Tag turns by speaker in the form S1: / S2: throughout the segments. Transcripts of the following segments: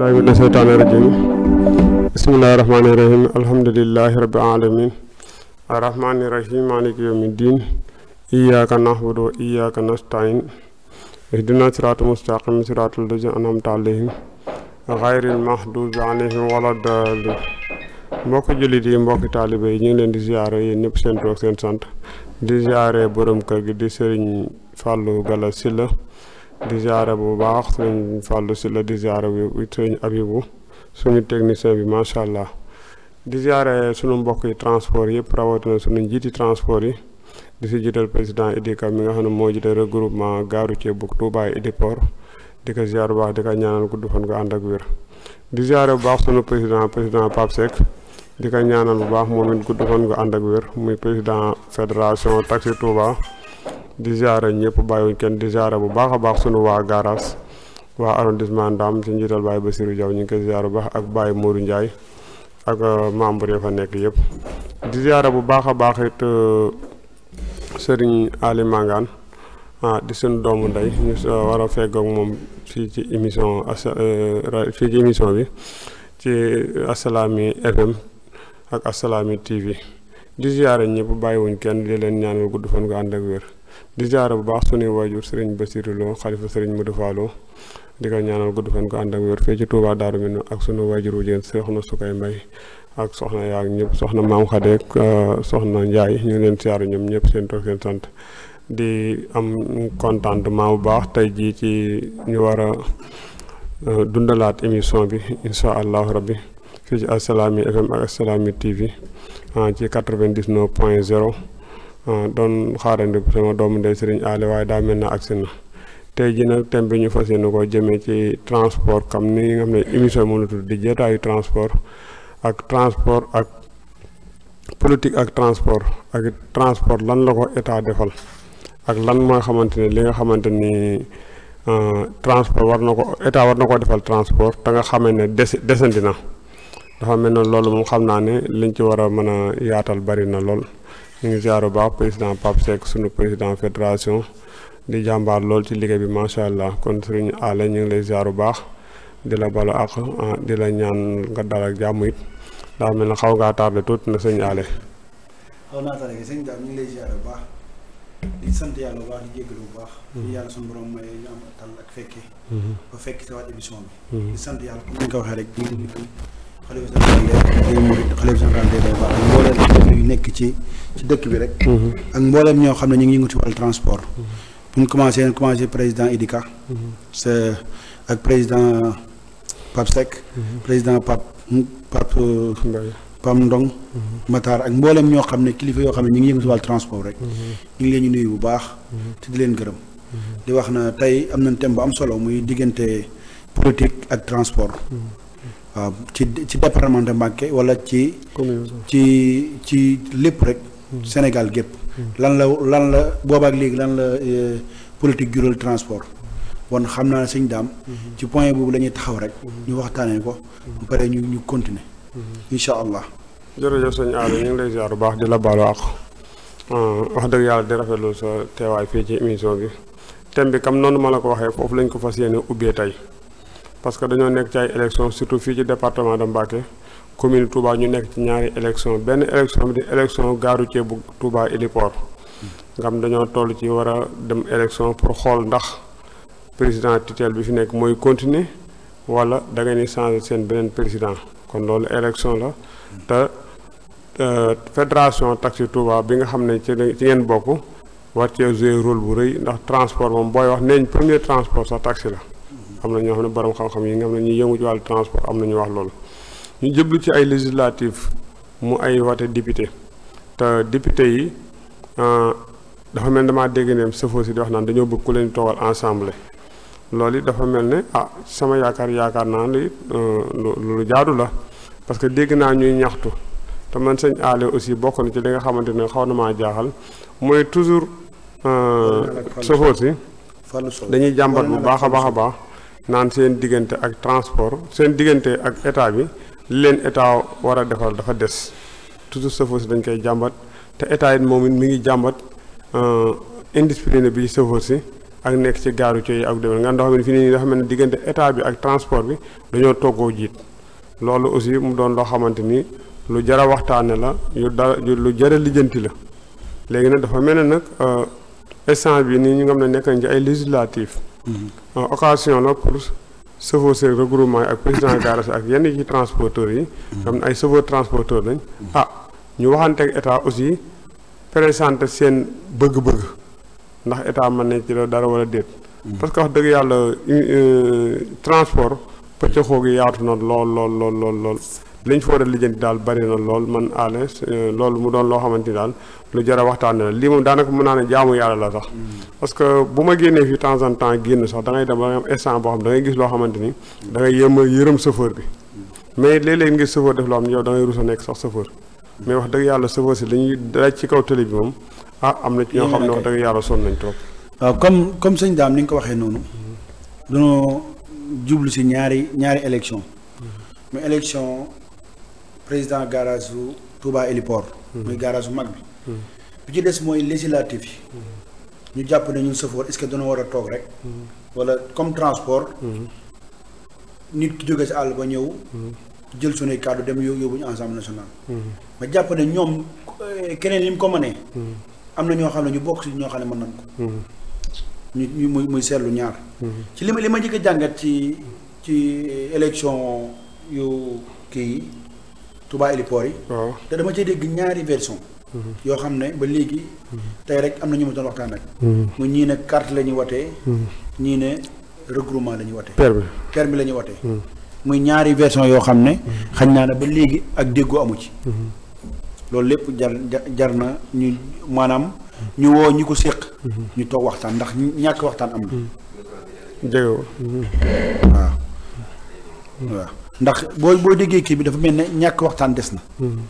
S1: billahi mina seytaani rajim bismillahi rahmaani rahim alhamdulillahi rabbil alamin arrahmaani rahim maliki yawmi din iyyaka na'budu wa iyyaka nasta'in ihdina siraatal mustaqim siraatal lazina an'amta jullit yi mbokk taalibe yi ñu ngi leen di ziare yéen ñëpp seen toog seen sant di ziare borom kër gi di Serigne Fallou Galass Sylla di bu baax sëñ Fallou si la di ziara bi sëñ Abibu suñu technicien bi macha allah di ziara suñu mbokk yi transport yëpp rawatina suñu njiiti transport yi di si jiital président Idika mi nga xam ne moo jiite regroupement gaaru ceeb bu Touba Idiport di ko ziara bu baax di ko ñaanal gudd fan ko ànd ak wér di ziara bu baax sunu président président Pape di ko ñaanal bu baax moom it gudd fan ko ànd ak wér muy président fédération taxi Touba. di ziare ñëpp bàyyiwuñ kenn di ziare bu baax a baax sunu waa garage waa arrondissement Ndam ci njiital Baye Bassirou Diaw ñu ngi koy ziare bu baax ak Baye Mourou Ndiaye ak euh, membre ya fa nekk yëpp di ziare bu baax a baax it euh, Serigne Ali ah, di sunu doomu ndey ñu euh, war a feggoog moom fii ci émission asa fii ci émission bi ci Assalaamy FM ak Assalaamy TV di ziare ñëpp bàyyiwuñ kenn di leen ñaanal gudd fan ko ànd ak wér. di jaara bu baax sunuy waajur sëriñ Basiru Lo xalifa sëriñ Modou Fallo di ko ñaanal gudd fan ko ànd ak wér fii ci Touba Darou Minam ak sunu waajur wu jën soxna Sukay Mbay ak soxna yaa ñëpp soxna maam Xade ak euh, soxna Njaay ñu ngi leen siyaaru ñoom ñëpp seen toog seen di am contentement bu baax tey jii ci ñu war a euh, dundalaat émission bi incha allahu rabbi fii ci Assalaamy FM ak Assalaamy TV ah, ci 99 point 0 Euh, doon xaarandiku sama doomu ndey Serigne Allé waaye daa mel na agsi na tey jii nag thème bi ñu fas yéene ko jëmee ci transport comme ni nga xam ne émission bi mu tudd di jotaayu transport ak transport ak politique ak transport ak transport lan la ko état defal ak lan mooy xamante ne li nga xamante ni euh, transport war na ko état war na ko defal transport te nga xamee ne des desandi na dafa mel ne loolu moom xam naa ne liñ ci war a mën a yaatal bari na lool. ñu ngi ziar bu baax président Pape Seck sunu président fédération di jàmbaar lool ci liggéey bi macha allah kon sëriñ Alla ñu ngi lay ziar bu baax di la balu àq ah, di la ñaan nga dal ak jàmm it daa mel na xaw ngaa tardé tuuti na sëñ Alla.
S2: xaw naa tardé ñu lay ziar bu baax di sant yàlla bu baax di mm-hmm. tal ak fekkee. Mm-hmm. ba fekk sa waat émission bi. Mm-hmm. di ko waxee rek. xalifa général des mourides mbooleem yu nekk ci ci dëkk bi rek mhm. ak mbooleem ñoo xam ne ñu ngi yëngu ci transport mhm. bu ñu commencé leen commencé président Idika mhm. sa ak président Pape Seck président Pape Pape euh, Pam Ndong Matar ak mboolem ñoo xam ne kilifa yoo xam ne ñu ngi yëngu si wàllu transport rek ñu ngi leen ñu nuyu bu baax te di leen gërëm di wax na tey am na thème bu am solo muy diggante politique ak transport waaw ci ci département de wala ci. ci ci lépp rek. Hmm. Sénégal gépp hmm. lan la lan la boobaak léegi lan la euh, politique jural transport. bon xam naa sëñ daam. Hmm. ci point boobu lañuy taxaw rek. ñu waxtaanee ko. ba pare ñu ñu continuer. incha allah.
S1: jërëjëf sëñ Aliou ñu ngi lay ziar bu baax di la baalu àq. Euh, wax dëgg yàlla di rafetlu sa teewaay fii ci émission bi thème bi comme noonu ma la ko waxee foofu lañ ko fas yéene ubbee tey. parce que dañoo nekk ci ay élection surtout fii ci département de Mbacké commune Touba ñu nekk ci ñaari élection benn élection bi di élection gaaru cee bu Touba héliport nga xam dañoo toll ci war a dem élection pour xool ndax président tutelle bi fi nekk mooy continuer wala da ngeen di changer seen beneen président kon loolu élection la te fédération taxi Touba bi nga xam ne ci ci ngeen bokk war cee jouer rôle bu rëy ndax transport moom booy wax neeñ premier transport sax la am na ñoo xam ne borom xam-xam yi nga xam ne ñuy yëngu ci wàllu transport am na ñu wax loolu ñu jëblu ci ay législative mu ay wate député te député yi euh, dafa mel damaa dégg ne sëfoo si di wax naan dañoo bëgg ku leen toogal ensemble loolu it dafa mel ne ah sama yaakaar yaakaar naa euh, li lu jaadu la parce que dégg naa ñuy ñaxtu te man sëñ aale aussi bokk na ci li nga xamante ne xaw na maa jaaxal mooy toujours euh, sëfoo si dañuy jàmbat bu baax a baax a baax naan seen diggante ak transport seen diggante ak état bi li leen état war a defal dafa des toujours chauffeur si dañ koy jàmbat te état it moom it mi ngi jàmbat euh, indiscipline bi chauffeur si ak nekk ci gaaru ci ak demel nga xam ne fi nii nga xam ne diggante état bi ak transport bi dañoo toggoo jiit loolu aussi mu doon loo xamante ni lu jar a waxtaane la yu da lu jar a lijjanti la léegi nag dafa mel ne nag échange euh, bi nii ñu nga xam ne nekk nañ ci ay législatif mm-hmm. occasion la pour chauffeur seen regroupement ak président garage ak yenn ci transporteurs yi hmm. xam ne ay chauffeur transporteur lañ hmm. ah ñu waxante ak état aussi présenté seen bëgg-bëgg ndax état mën nañ ci dara wala déet hmm. parce que wax dëgg yàlla euh, transport pëcc xoo gi yaatu na lool lool lool lool lool lañ fa war a lijjanti daal bari na lool man àll euh, loolu mu doon loo xamante ni daal lu jar waxtaan waxtaanee la lii moom daanaka mën naa ne jaamu yàlla la sax. Mm. parce que bu ma génnee fii temps en temps génn sax da ngay dem ba nga am instant boo xam da ngay gis loo xamante ni. da ngay léeg ngir chauffeur def loo da ngay rus a nekk sax chauffeur. mais wax dëgg yàlla chauffeur si dañuy daj ci kaw télé bi moom ah am na ci ñoo xam ne wax dëgg yàlla sonn nañ trop.
S2: waaw comme comme sëñ Dame ni nga ko waxee noonu. dañoo jublu si ñaari ñaari élection mm-hmm. président garage su Touba Héliport. Hmm. muy garage su mag bi. Hmm. bi ci des mooy législatif yi. Hmm. ñu jàpp ne ñun sëfoor est-ce que dañoo war a toog rek. wala comme transport. nit ki jóge si àll ba ñëw. jël sunuy kàddu dem yóbbu ñu ensemble national. ma jàpp ne ñoom eh, keneen li mu ko mënee. am na ñoo xam ne ñu bokk si ñoo xam ne mën nañ ko. ñu ñu muy muy seetlu ñaar. ci li ma li ma njëkk jàngat ci ci élection yu kii tubaa héliport yi. waaw te dama cee dégg ñaari version. Mhm. yoo xam ne ba léegi. Mhm. tey rek am na ñu ma waxtaan nag mhm. mu ñii ne carte la ñuy watee. ñii ne regroupement la ñuy watee. per bi per bi la ñuy watee. muy ñaari version yoo xam ne. xañ naa ne ba léegi ak déggoo amu ci. loolu lépp jar jar na ñu maanaam ñu woo ñi ko séq. ñu toog waxtaan ndax ñàkk waxtaan am
S1: na. waaw
S3: waaw.
S2: ndax boo boo déggee kii bi dafa mel ne ñàkk waxtaan des na. Hmm.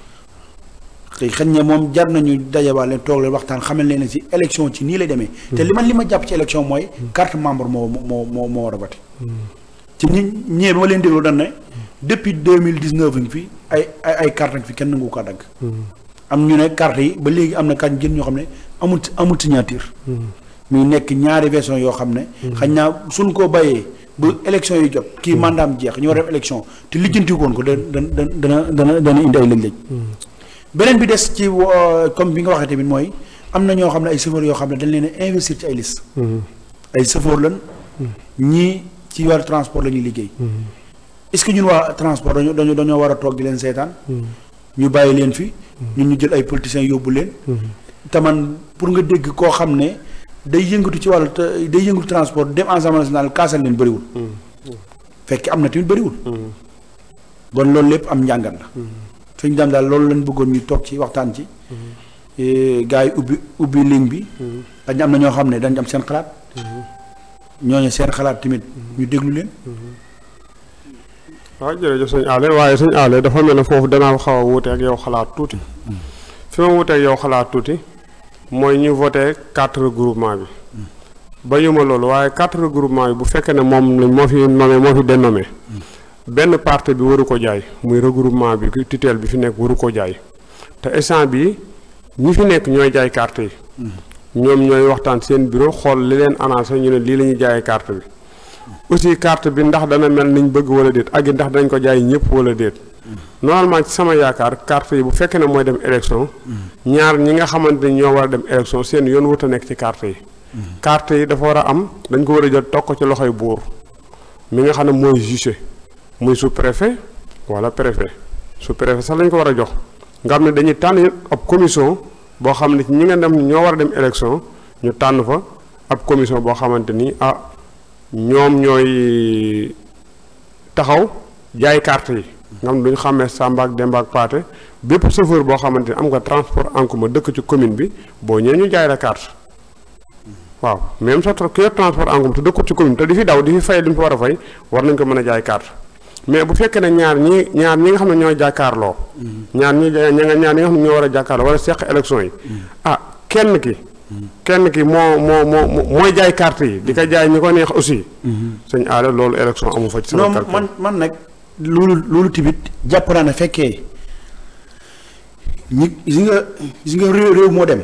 S2: xëy xëy na moom jar nañu dajawaale toog leen waxtaan xamal leen si élection ci nii lay demee. Hmm. te li man li ma jàpp ci élection mooy. Hmm. carte membre moo moo moo moo ci ñi ñee ba ma leen déglu dañ ne. depuis deux mille dix neuf fi ay ay ay carte nag fi kenn nangu ko dagg. am ñu ne carte yi ba léegi am na kañ jën ñoo xam ne amul amul signature. muy nekk ñaari version yoo xam ne. xañ naa suñ koo bàyyee ba élection yi jot. kii hmm. mandaam jeex ñu war a te lijjanti woon ko dana dana dana indi ay lëj-lëj. Hmm. beneen bi des ci euh, comme bi nga waxee tamit mooy am na ñoo xam ne ay chauffeurs yoo xam ne dañ leen a investir ci ay liste. Hmm. ay chauffeurs lan. ñii ci wàllu transport la ñuy liggéey. est-ce que ñun waa transport dañoo dañoo dañoo war a toog di leen seetaan. ñu bàyyi leen fi. ñun ñu jël ay politiciens yóbbu leen. taman pour nga dégg koo xam ne. day yëngatu ci wàllu day yëngatu transport dem ensemble national kaasal leen bëriwul. Mm. fekk am na tamit bëriwul. bon mm. loolu lépp am njàngat la. suñu mm. loolu lañ bëggoon ñu toog ci waxtaan ci. Eh, gars yi ubbi ubbi ligne bi. na ñoo xam ne dañ am seen
S1: xalaat. ñooñu seen xalaat tamit ñu déglu leen. waaye sëñ Allé dafa mel foofu danaa xaw a wuute xalaat tuuti. fi ma wuute ak yow xalaat tuuti. mooy ñu voté quatre groupement bi ba ñu ma loolu waaye quatre groupement bi bu fekkee ne moom lañ moo fi nommé moo fi dénommé benn parti bi waru ko jaay muy regroupement bi tutelle bi fi nekk waru ko jaay te instant bi ñi fi nekk ñooy jaay carte yi hmm. ñoom ñooy waxtaan seen bureau xool li leen annoncé ñu ne lii la ñuy jaayee carte bi aussi carte bi ndax dana mel niñ bëgg wala déet ak yi ndax dañ ko jaay ñëpp wala déet normalement ci sama yaakaar carte yi bu fekkee ne mooy dem élection ñaar ñi nga xamante ni ñoo war a dem élection seen yoon wut a nekk ci carte yi carte yi dafa war a am dañ ko war a jël toog ko ci loxoy buur mi nga xam ne mooy juge muy sous préfet wala préfet sous préfet sax lañ ko war a jox nga xam ne dañuy tànn ab commission boo xam ne ñi nga dem ñoo war a dem élection ñu tànn fa ab boo xamante ni ah, ñoom ñooy taxaw jaay carte yi nga xam duñu xàmmee Samba ak Demba ak Paate bépp chauffeur boo xamante ni am nga transport en commun dëkk ci commune bi boo ñëwee ñu jaay la carte waaw même sa ki yor transport en commun dëkkut ci commune te di fi daw di fi fay li mu fi war a fay war nañ ko mën a jaay carte mais bu fekkee ne ñaar ñi ñaar ñi nga xam ne ñooy jàkkaarloo mm-hmm. ñaar ñi ña nga ñaar ñi nga xam ne ñoo war a jàkkaarloo war a seq élection yi mm-hmm. ah kenn ki kenn ki moo moo moo mooy jaay carte yi di ko jaay ñi ko neex aussi sëñ aada loolu élection amu fa sama carte man man nag loolu loolu tamit jàpp fekkee nga
S2: gis nga moo dem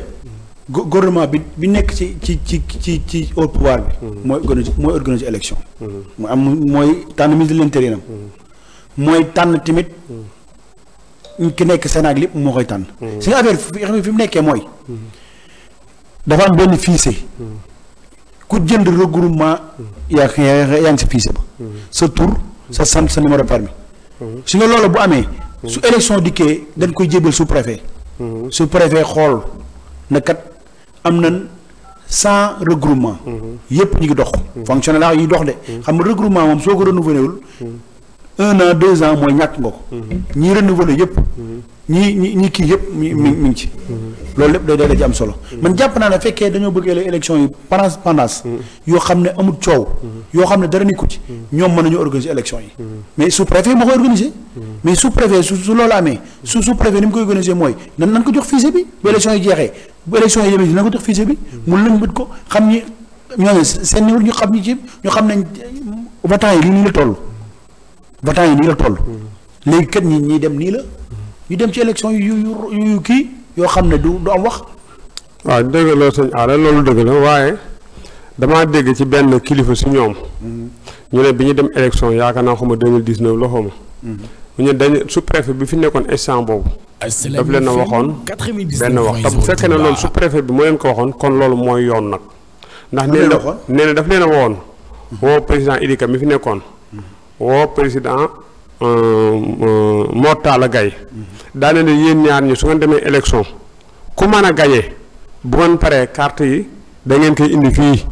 S2: gouvernement bi bi nekk ci ci ci ci ci au bi mm-hmm. mooy mooy organiser élection mm-hmm. mu tànn ministre de
S3: mm-hmm.
S2: mooy tànn tamit ki nekk Sénat lépp moo koy tànn si nga affaire fi mu nekkee mooy dafa am benn fiise ku jënd regroupement yaa yaa ngi si fiise ba sa tur sa sant sa numéro permis su nga loolu bu amee su élection dikkee dañ koy jébal su préfet su préfet xool na kat am nañ sans regroupement yépp ñu ngi dox fonctionnaire yi dox de xam nga regroupement moom soo ko renouvelé wul un an deux ans mooy ñàkk nga ko ñi renouvelé yépp ñi ñi kii yépp mi mi ngi ci loolu lépp day day da ci am solo man jàpp naa ne fekkee dañoo bëgg ele élection yi pendant pendance yoo xam ne amul coow yoo xam ne dara nekku ci ñoom mën nañu organiser élection yi mais sous préfet moo koy organiser mais sous préfet su su loolu amee su sous préfet ni mu koy organiser mooy nan nan ko jox fichier bi bu élection yi jeexee bu élection yi demee nan ko jox fichier bi mu lëmbët ko xam ni ñooñu seen niveau ñu xam ni ci ñu xam ne votant yi nii la toll votant yi nii la toll léegi kat ñi ñii dem nii la ñu dem ci élection yu yu yu kii yoo xam ne du du am wax.
S1: waaw dëgg la sëñ Aada la waaye damaa dégg ci benn kilifa si ñoom. Mm-hmm. ñu ne bi ñu dem élection yaakaar naa xuma 2019 la xuma.
S3: ñu mm-hmm.
S1: ne dañ sous préfet bi fi nekkoon instant boobu. daf leen a waxoon
S3: benn wax te bu fekkee ne loolu sous
S1: préfet bi moo leen ko waxoon kon loolu mooy yoon nag. ndax nee na nee na daf leen a woon. Mm-hmm. woo président Idika mi fi nekkoon. woo président. Euh, euh, Mor Talla Gaye mm-hmm. daane ne yéen ñaar ñi su ngeen demee élection ku mën a gañee bu ngeen paree carte yi da ngeen koy indi fii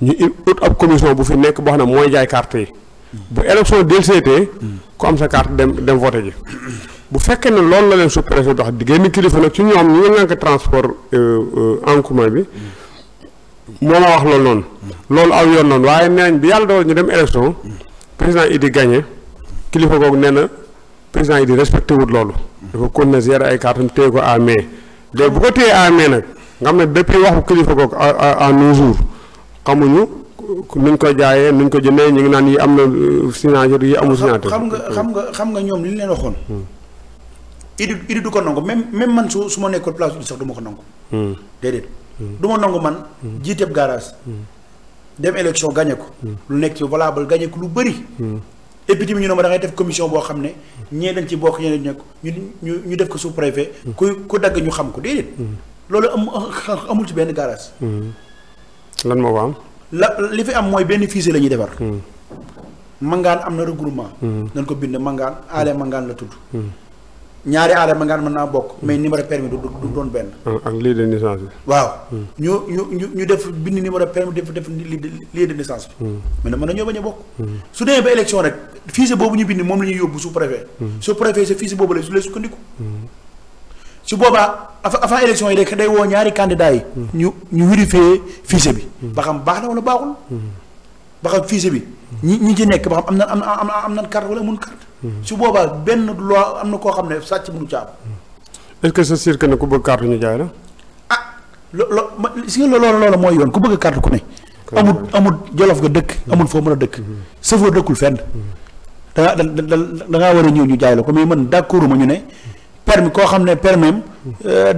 S1: mm-hmm. ñu ut ab commission bu fi nekk boo xam ne mooy jaay carte yi mm-hmm. bu élection delseetee ku am sa carte dem dem voté ji bu fekkee ne loolu la leen su préfet dox di génn kilifa nag ci ñoom ñu nga ngànk transport euh, en commun bi moo ma wax loolu noonu loolu yoon noonu waaye neenañ bi yàlla dogal ñu dem élection président Idi gagné kilifa googu nee na président yi di respecté wut loolu. dafa kon ay cartes téye ko à mai léegi bu ko téye à mai nag nga xam ne depuis waxu kilifa googu à nos jours xamuñu nuñ ko jaayee nuñ ko jëndee ñu ngi naan yi am na euh, signature yi amul signature. xam nga xam
S2: nga xam nga ñoom li leen waxoon. Hmm. idi idi du ko nangu même même man su su ma nekkoon place bi sax du ko nangu. Hmm. déedéet. Hmm. du ma nangu man. jiiteeb garage. dem élection gagné ko. lu nekk ci valable gagné lu bëri. et puis tamit ñu ne ma da ngay def commission boo xam ne ñee dañ ci bokk ñee dañ ñu ñu ñu def ko su préfet hmm. ku ku dagg ñu xam ko déedéet hmm. loolu am amul ci benn garage
S1: hmm. lan moo ko am
S2: la li fi am mooy benn fichier la ñuy defar mangaan am na regroupement nañ ko bind mangaan aale mangaan la tudd ñaari aadama ngaan mën naa bokk mais numéro permis du
S1: du doon benn. Ah, ak lieu de naissance bi. waaw. Hmm.
S2: ñu ñu ñu ñu def bind numéro permis def def lieu de naissance bi. Hmm. mais nag mën nañoo bañ a bokk. Hmm. su demee ba élection rek fichier boobu ñu bind moom la ñuy yóbbu sous préfet. sous préfet sa fichier boobu la su lay sukkandiku. su boobaa avant élection yi rek day woo ñaari candidats yi. ñu ñu vérifier fichier bi. ba xam baax na wala baaxul. ba xam fichier bi. ñi ñi ci nekk ba am na am na am na carte wala amul carte. su boobaa benn loi am na koo xam ne sàcc mënu ca am.
S1: est-ce que c'est sûr que ne ku bëgg carte ñu jaay la.
S2: ah lo lo ma si loolu loolu mooy yoon ku bëgg kart ku ne. amul amul jolof nga dëkk. Mm-hmm. amul foo mën a dëkk. Mm-hmm. sëfoo dëkkul fenn. da da da da ngaa war a ñëw ñu jaay la ko mais man d'accord ma ñu ne. permis koo xam ne permis am euh,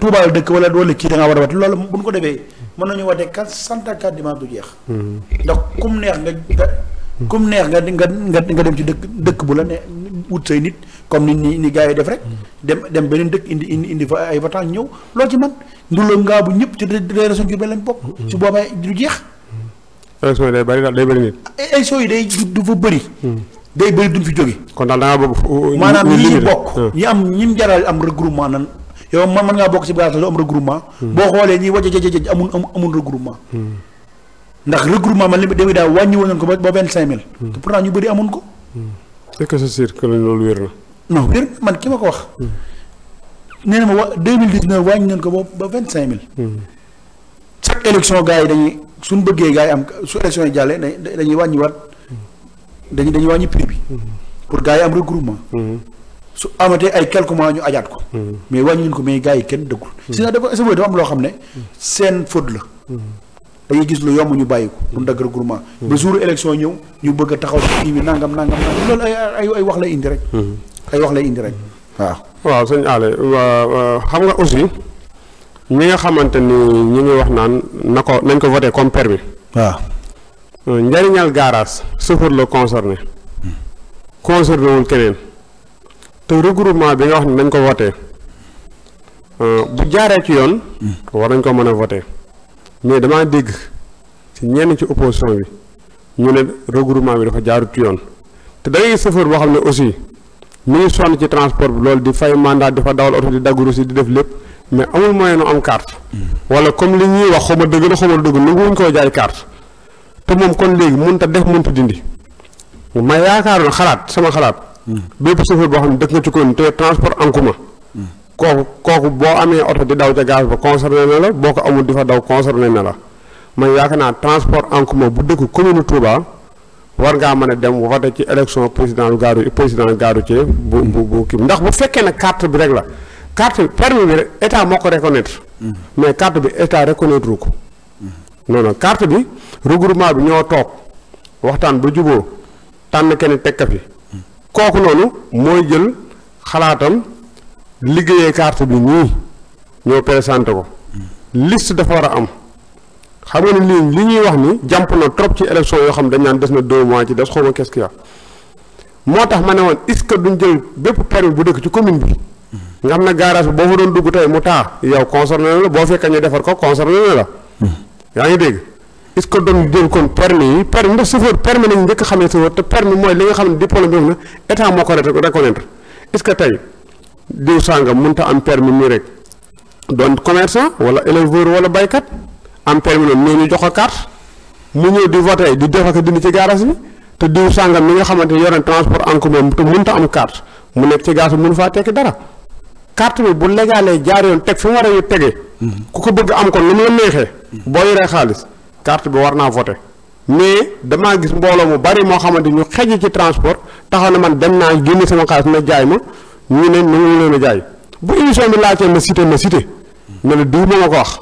S2: Touba la dëkk wala wala kii da ngaa war a wate loolu bu ñu ko defee mën nañu wate quatre cent quatre dimanche du jeex. Mm-hmm. ndax kum neex nga. comme neex nga nga nga nga dem ci dëkk dëkk bu la ne wut say nit comme nit ni ni gars yi def rek. dem dem beneen dëkk indi indi indi fa ay vacances ñëw loo ci man ndulam ngaa bu ñëpp ci région Diourbel lañ bokk. su boobaa du jeex.
S1: élection yi day bëri day bëri nit.
S2: élection yi day du fa bëri. Hmm. day bëri duñ fi jóge. kon daal da boobu bokk. maanaam ñi bokk. Hmm. ñi am ñi mu jaral am regroupement nan yow man mën ngaa bokk si gàllankoor am regroupement. Hmm. boo xoolee jaja wàcce amul amul regroupement. ndax regroupement man li mu demee daaw wàññi woon ko ba vingt cinq mille. Hmm. te pourtant ñu bëri amoon ko. Hmm.
S1: est-ce que c'est sûr loolu wér na. non
S2: wér man ki ma ko wax. Hmm. nee na ma wa deux mille dix neuf wàññi nañ ko ba vingt cinq mille. chaque élection gars yi dañuy suñu bëggee gaa yi am su élection yi jàllee dañuy wàññi wàññiwaat dañuy dañuy wàññi prix bi. pour gars yi am regroupement. su amatee ay quelques mois ñu ajaat ko. mais wàññi nañ ko mais gars yi kenn dëggul. sinon dafa loo xam ne seen faute la. dañuy gis lu yomb ñu bàyyi ko du dagg regroupement hmm. ba jour élection ñëw ñu bëgg a taxaw ci kii bi nangam nangam loolu ay ay wax la indi rek hmm. wax la indi rek
S1: waaw waaw sëñ Allé xam nga aussi ñi nga xamante ni ñu ngi wax naan na ko nañ ko voté comme permis waaw euh, njëriñal gaaraas chauffeur la concerné hmm. concerné wul keneen te regroupement bi nga wax ne nañ ko voté euh, bu jaaree ci yoon war nañ ko mën a voté mais damaa dégg ci ñenn ci opposition bi ñu ne regroupement bi dafa jaarut yoon te da ngay gis chauffeur boo xam ne aussi mu ngi sonn ci transport bi loolu di fay mandat di fa dawal oto di dagguru si di def lépp mais amul moyen nu am carte. wala comme li ñuy wax xaw ma dëgg la xaw ma dëgg nanguwuñ koo jaay carte te moom kon léegi mënut a def mënut a dindi yaakaar yaakaaroon xalaat sama xalaat. Hmm. bépp chauffeur boo xam ne dëkk nga ci kuréel te transport en commun kooku kooku boo amee oto di daw ca gaz ba concerné na la boo ko amul di fa daw concerné na la man yaakaar naa transport en commun bu dëkk commune Touba war ngaa mën a dem voté ci élection président gaaru président gaaru ci bu bu bu kii ndax bu fekkee ne carte bi rek la carte bi permis bi état moo ko reconnaître mm-hmm. mais carte bi état reconnaître ko mm-hmm. non non carte bi regroupement bi ñoo toog waxtaan ba juboo tànn kenn teg ka fi mm-hmm. kooku noonu mooy jël xalaatam liggéeyee carte bi ñii ñoo présenté ko list dafa war a am xam nga ne lii li ñuy wax ni jàmp na trop ci élection yoo xam dañ naan des na deux mois ci des xaw ma moo tax ma ne woon est-ce que duñ jël bépp permis bu dëkk ci commune bi nga xam ne garage bi boo fa doon dugg tey mu taa yow concerné la boo fekkee ñu defar ko concerné la yaa ngi dégg est-ce que doon jël kon permis yi permis ndax chauffeur permis nañ njëkk xamee chauffeur te permis mooy li nga xam ne diplôme bi na état moo ko reconnaître est diw sàngam mënta am permis nii rek doon commerçant wala éleveur wala baykat am permis noonu ñoo ñu jox ko carte mu ñëw di voté di def ak dindi ci garage bi te diw sàngam mi nga xamante ne yore transport en commun te mënta am carte mu nekk ci garage bi mënu faa tekki dara carte bi bu légalee jaar yoon teg fi mu war a tegee. ku ko bëgg am kon nu mu la neexee. boo yoree xaalis carte bi war naa voté mais damaa gis mbooloo mu bari moo xamante ñu xëj ci transport taxaw na man dem naa génne sama na jaay ma. ñu ne nangu leen a jaay bu émission bi laajtee ma cité ma cité ne la diw ma nga ko wax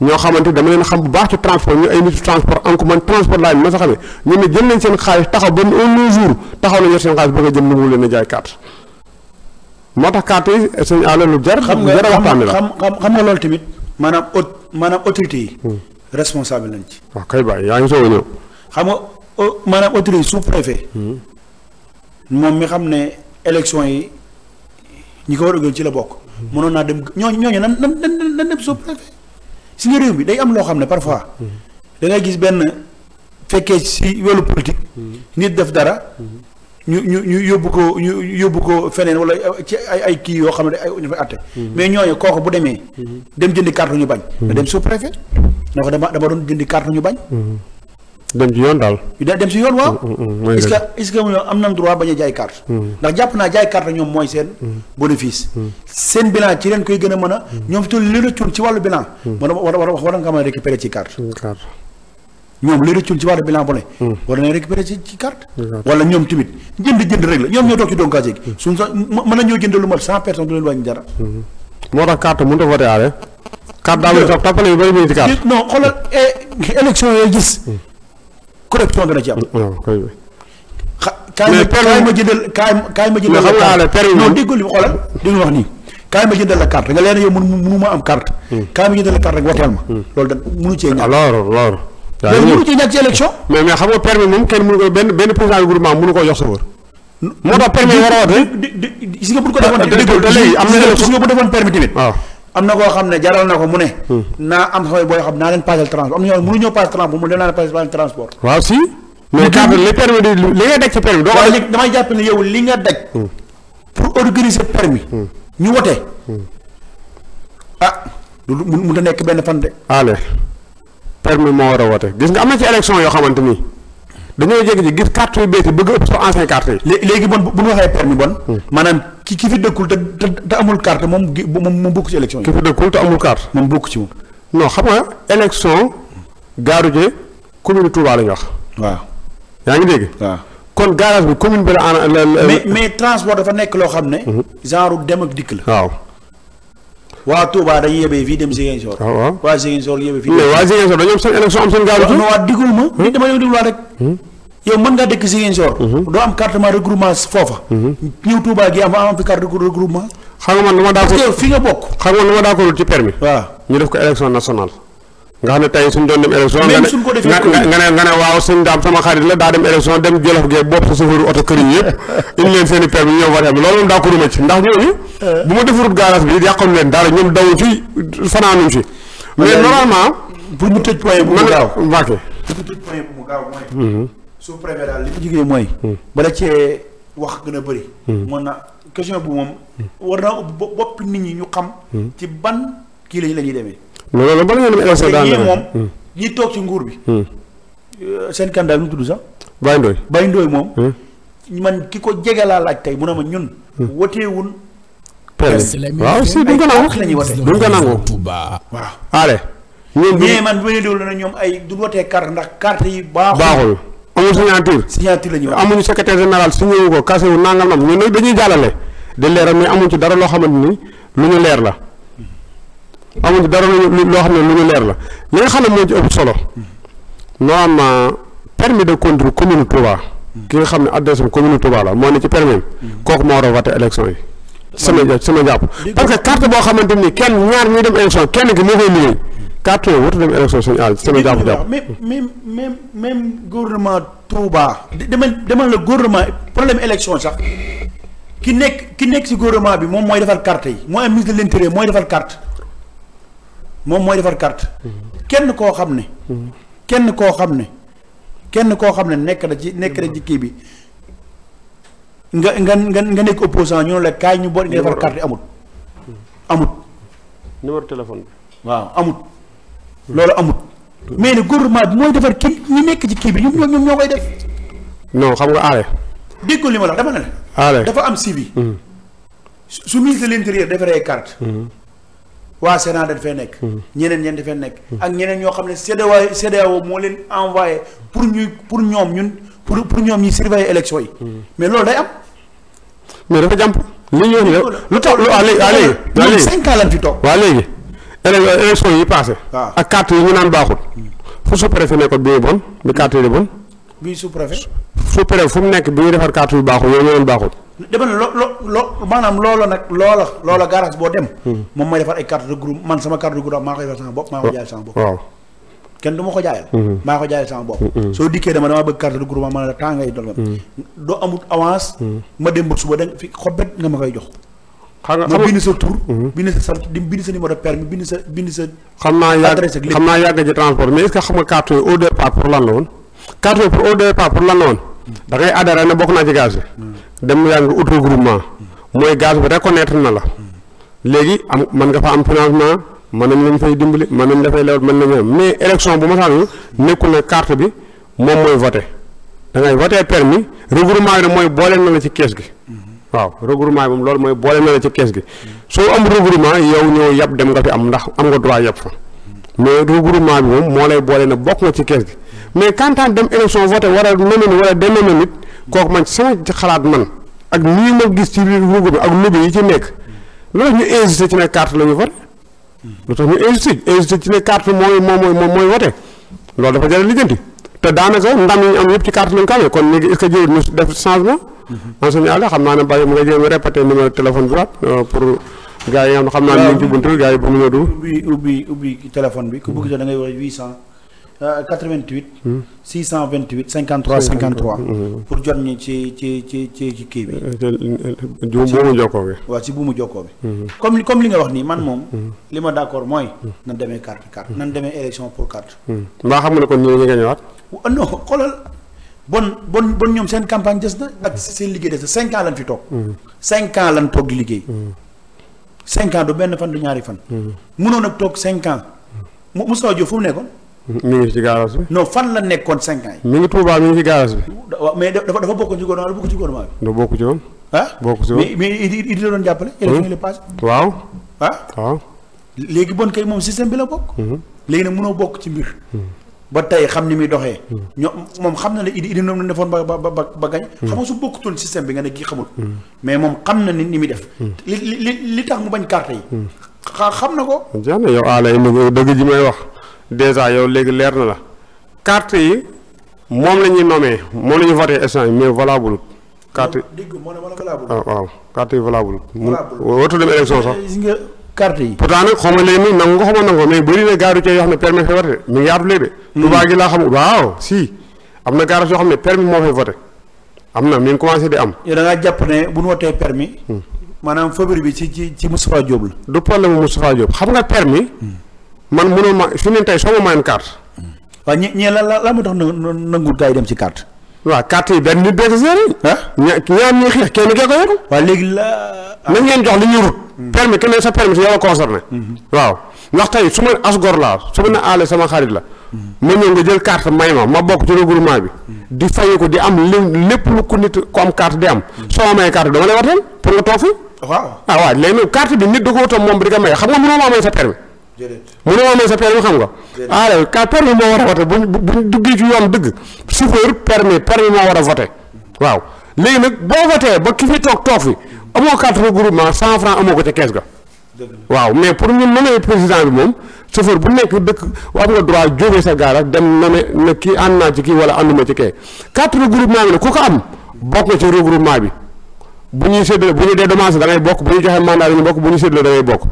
S1: ñoo xamante dama leen xam bu baax ci transport ñu ay nit transport en commun transport laay ma sa xamee ñu ne jël nañ seen xaalis taxaw ba un jour taxaw nañ seen xaalis bëgg a jëm nangu leen a jaay carte moo tax carte yi seen àll lu jar. xam nga
S2: xam xam nga loolu tamit maanaam au maanaam autorité yi. Hmm. responsable lañ ci.
S1: waaw kay baay yaa
S2: ngi soo a ñëw. xam nga maanaam autorité sous préfet. Hmm. moom mi xam ne élection yi. ñi ko war a gën ci la bokk. mënoon naa dem ñooñu ñooñu nan nan nan nan dem sous-préfet si nga réew mi day am loo xam ne parfois. da ngay gis benn fekkee si wàllu politique. nit def dara. ñu ñu ñu yóbbu ko ñu yóbbu ko feneen wala ci ay ay kii yoo xam ne ay ñu fa àtte. mais ñooñu kooku bu demee. dem jëndi carte ñu bañ. dem sous-préfet. na ko dama dama doon jëndi carte ñu bañ.
S1: dem ci yoon daal. dem ci yoon waaw.
S3: Mm, mm, mm,
S2: est-ce que est am nañ droit bañ a jaay carte. ndax jàpp naa jaay carte ñoom mooy seen. bénéfice. seen bilan ci leen koy gën a mën a. ñoom fi toll li rëccul ci war war nga mën a récupérer ci carte. ñoom li rëccul ci carte. wala ñoom tamit jënd jënd rek ñoom ñoo toog ci donkaase gi. suñ mën nañoo jënd lu mat cent personnes du leen wàññi dara. moo
S1: tax carte mënut a voté aale. carte daal di toog tàppale yu ci carte. non eh, corruption dana ci am. kaay
S2: ma jëndal kaay ma jëndal. la carte non déggoo li ma xoolal
S1: ma am carte. kaay ma jëndal la carte rek wooteel ma. loolu da mënu cee ñàkk. alors alors. loolu mënu ci élection. mais mais xam nga permis moom kenn mënu ko benn benn président groupement mënu koo jox sa wër. moo tax permis war a woote.
S2: di di gis nga bu ko defoon. déggoo léegi am na gis
S1: nga bu defoon permis tamit.
S2: am na koo xam ne jaral na ko mu ne. Hmm. naa am samay booy xam naa leen paasal transport am na ñoo xam ne mënuñoo paasal transport mu dem naa leen paasal transport.
S3: waaw si. mais kaa li permis di li nga
S2: daj sa permis. doo ko damay jàpp ne yow li nga daj. Hmm. pour organiser permis. Hmm. ñu wote. ah du mu mënut a nekk benn fan de. permis moo war a wote gis nga am na ci élection yoo xamante ni. dañoo jékki-jékki gis carte yu bëgg a ëpp sa ancien carte yi. léegi bon bu bu ñu waxee permis bon. Hmm. maanaam ki ki fi dëkkul te te amul carte moom gi moom moom bokk
S1: ci élection yi. ki fi dëkkul te amul carte. moom bokk ci moom. non xam nga élection. garage commune Touba la ñu wax. waaw. yaa ngi dégg. waaw kon garage bi commune bi la.
S3: mais
S2: mais transport dafa nekk loo xam ne. Hmm. genre dem ak dikk la waaw. waa Touba dañuy yebee fii dem Ziguinchor. waaw ah, waaw waa Ziguinchor yebee fii. mais waa Ziguinchor dañoo am seen élection am seen gaaw. non waa digul ma. Hmm? nit dama ñëw digluwaat rek. Hmm? yow mën ngaa dëkk Ziguinchor. Hmm? doo am carte regroupement foofa. ñëw Touba gi am am fi carte regroupement.
S1: xam nga man dama fi nga bokk. xam nga man dama daa ci permis. waaw ñu def ko élection nationale. nga xam ne tey suñ doon dem élection nga ne nga ne waaw suñu daam sama xarit la daa dem élection dem jolof gee bopp sa chauffeur oto këriñ yëpp indi leen seen i permis ñëw voté loolu moom daa ko ruma ci ndax ñooñu eh. bu ma defarut garage bi yàqoon leen daal
S2: ñoom dawul fi fanaanuñ si
S3: mais normalement pour ñu bu mu gaaw waake
S2: pour ñu tëj point bu mu gaaw mooy mm-hmm. su mu jigee mooy mm. bala cee wax gën a bëri mm. mën na question bu moom mm. war naa ubbi boppi nit ñi ñu xam ci ban kii lañu la ñuy demee
S4: loolu bala ngeen dem élection daan na moom hmm.
S2: ñi toog ci nguur bi. Hmm. Euh, seen candidat bi mu tudd sax. Baye Ndoye Baye Ndoye hmm. man ki ko jege laa laaj tey mu ne ma ñun. woteewul. waaw si duñ ko nangu la ñuy wote duñ ko nangu. waaw
S1: allez. ñoom mais
S2: man bu ma leen ñoom ay du wotee
S1: carte ndax carte yi baaxul baaxul. amul signature signature la ñuy wax amuñu secrétaire général su ñëwee ko kase wu nangal nam ñun dañuy jàllale. di leeral mais amuñu ci dara loo xamante ni lu ñu leer la. amuñ dara lu loo xam ne lu ñu leer la li nga xam ne moo ci ëpp solo normalement permis de conduire commune Touba ki nga xam ne adresse commune Touba la moo ne ci permis kooku moo war a voté élection yi sama sama jàpp parce que carte boo xamante ni kenn ñaar ñuy dem élection kenn ki moo koy liggéey carte yooyu warut dem élection suñu àll sama jàpp jàpp
S2: mais même même gouvernement demal demal la gouvernement problème élection sax ki nekk ki nekk si gouvernement bi moom mooy defar carte yi mooy am ministre de l'intérieur mooy defar carte moom mooy defar carte. kenn koo xam ne. kenn koo xam ne kenn koo xam ne nekk na ci nekk na ci kii bi nga nga nga nga nekk opposant ñu ne la kaay ñu boole nga defar carte amut. amut.
S1: numéro téléphone bi.
S2: waaw amut. loolu amut. mais ne gouvernement bi mooy defar kii ñi nekk ci kii bi ñoom ñoom ñoo koy def.
S1: non xam nga aale.
S2: dégg li ma la wax dama ne la. aale dafa am suivi. Mm. su ministre de l'intérieur defaree carte. Mm. waa Sénat dañ fee nekk. ñeneen ñeent fee nekk. ak ñeneen ñoo xam ne CEDEAO CEDEAO moo leen envoyé pour ñuy pour ñoom ñun pour pour ñoom ñuy surveiller élection yi. mais loolu day am.
S1: mais dafa jàmp li ñu wax lu tax lu ah ah ah waa léegi waa léegi. ñoom cinq ans waa léegi élection yi passé. waaw ak carte yi ñu naan baaxul. fu sous-préfet nekkoon bi bon bi carte yi di bon.
S2: bii sous-préfet.
S1: sous-préfet fu mu nekk bi ñuy defar carte yu baaxul yooyu ñu naan baaxul.
S2: dama ne loo loo maanaam loola nag loola loola garage boo dem. Hmm. moom may defar ay carte de groupe man sama carte de maa sama bopp maa ko jaayal sama bopp. waaw kenn du ma ko jaayal. Hmm. maa ko jaayal sama bopp. Hmm. soo dikkee dama dama ma ne la temps ngay dolli. doo amut ma koy jox. xam bind sa tur. bind sa sant di bind sa xam naa yàgg xam naa yàgg
S1: ci transport mais est que xam nga carte yooyu au départ pour lan la woon. carte yooyu pour la woon. da bokk naa ci gaz bi. dem yaa nga ut regroupement mooy gaz bi reconnaître na la léegi am mën nga fa am financement mën nañ lañ fay dimbali mën nañ dafay lewal mën nañ mais élection bu ma sànni nekku na carte bi moom mooy voté da ngay voté permis regroupement bi nag mooy booleel na la ci kees gi waaw regroupement bi loolu mooy boole na la ci kees gi soo am regroupement yow ñëw yàpp dem nga fi am ndax am nga droit yàpp fa mais regroupement bi moom moo lay boole na bokk nga ci kees gi mais quand dem élection voté war a nommer wala dénommer nit kooku man ci xalaat man ak nii ma gis ci ruugu bi ak lobby yi ci nekk lu tax ñu insisté ci ne carte la ñu vote lu tax ñu mooy moom mooy moom mooy vote loolu dafa jëlee lijjanti te daanaka ndam yi ñu am yëpp ci carte lañ ko amee kon léegi est-ce que def changement enseigne mhm. xam naa ne bàyyi mu nga jéem a répété numéro téléphone bi waat euh, pour gars yi xam naa ne ñu ngi ci yi bu mu ñëw dugg bi ku bëgg da ngay wax
S2: 88. 628 53 53. pour jot nii ci ci ci ci
S1: kii bi. Euh, euh, buumu jokkoo bi.
S2: waaw ci buumu jokkoo bi. Hmm. comme comme li nga wax nii man moom. Hmm. li ma d' accord mooy. Hmm. nan demee carte carte nan demee élection pour carte. mbaa xam nga ne kon ñooñu nga ñëwaat. non xoolal bon bon bon ñoom seen campagne des na ak seen liggéey des na cinq ans lan fi toog. cinq lan toog di liggéey. cinq du benn fan du ñaari fan. mënoon a toog cinq ans mu fu mu nekkoon.
S1: mi ngi ci garage bi.
S2: non fan la nekkoon cinq ans yi. mi
S1: ngi Touba mi ngi ci garage bi.
S2: mais dafa dafa bokkoon ci gouvernement bi bokk ci gouvernement
S1: bi. da bokk
S3: ci woon. ah bokk
S2: ci doon jàppale. Hmm? élection yi la passé. waaw. ah waaw. léegi bon kay moom système bi la bokk. Hmm. léegi nag mënoo bokk ci mbir. Hmm. ba tey xam ni muy doxee. ñoom moom xam na ne Idi Idi noonu la defoon ba ba ba ba gañ. xam nga su bokkutoon système bi nga ne kii xamul. mais moom xam na ni ni muy def. li li li tax mu bañ carte yi. xa xam na ko.
S1: jaana yow aala yi dëgg ji may wax. dèjà yow léegi leer na la carte yi moom la ñuy nommé moom la ñuy voté échange mais valable. carte yi waaw ah, waaw carte yi valable. valable waratu dem élection sax. carte yi pourtant nag xaw ma léegi nii nangu nga xaw ma nangu mais bëri na gaaru cee yoo xam ne permis fay voté mi ngi yaatu léegi de. Hmm. Touba gi laa xam waaw si am na garage yoo xam ne permis moo fay voté am na mi ngi commencé di am. yow da ngaa jàpp ne bu ñu wootee permis. Hmm. maanaam favori bi ci ci ci Moustapha Diop la. du problème mu xam
S2: nga permis hmm. man mënoo ma su ne tey soo ma mayoon carte. waa ñi ñi la la la moo tax nanguwul gars yi dem ci carte. waaw
S1: carte yi benn nit bee ko séeréer. ah ña ñaar ñuy xeex kenn kee ko yor. waaw léegi la. Ah. na leen jox li ñu rut. Hmm. permis kenn sa permis yow a concerné. Hmm. waaw ndax tey su ma as gor laa su ma ne aale sama xarit la. Hmm. ma ñëw ma ma bokk ci regroupement bi. di fay ko di am li lépp lu ku nit ku wateel pour nga toog fi. waaw ah waaw léegi bi nit da ko wutoon moom bi di ko may xam nga mënoo ma may sa permis mu ne ma may sa permis xam nga alors ah, ka permis moo war a voté buñ buñ duggee ci yoon dëgg chauffeur permis permis moo war a voté waaw léegi nag boo voté ba ki fi toog toog fi amoo carte regroupement cent franc amoo ko ca kees ga waaw mais pour ñu nommer président bi moom chauffeur bu nekk dëkk am nga droit jógee sa gaara dem nommer ne na kii ànd naa ci kii wala ànduma ci kee carte regroupement bi nag ku ko am bokk nga ci regroupement bi bu ñuy séddale bu ñuy dédommagé da ngay bokk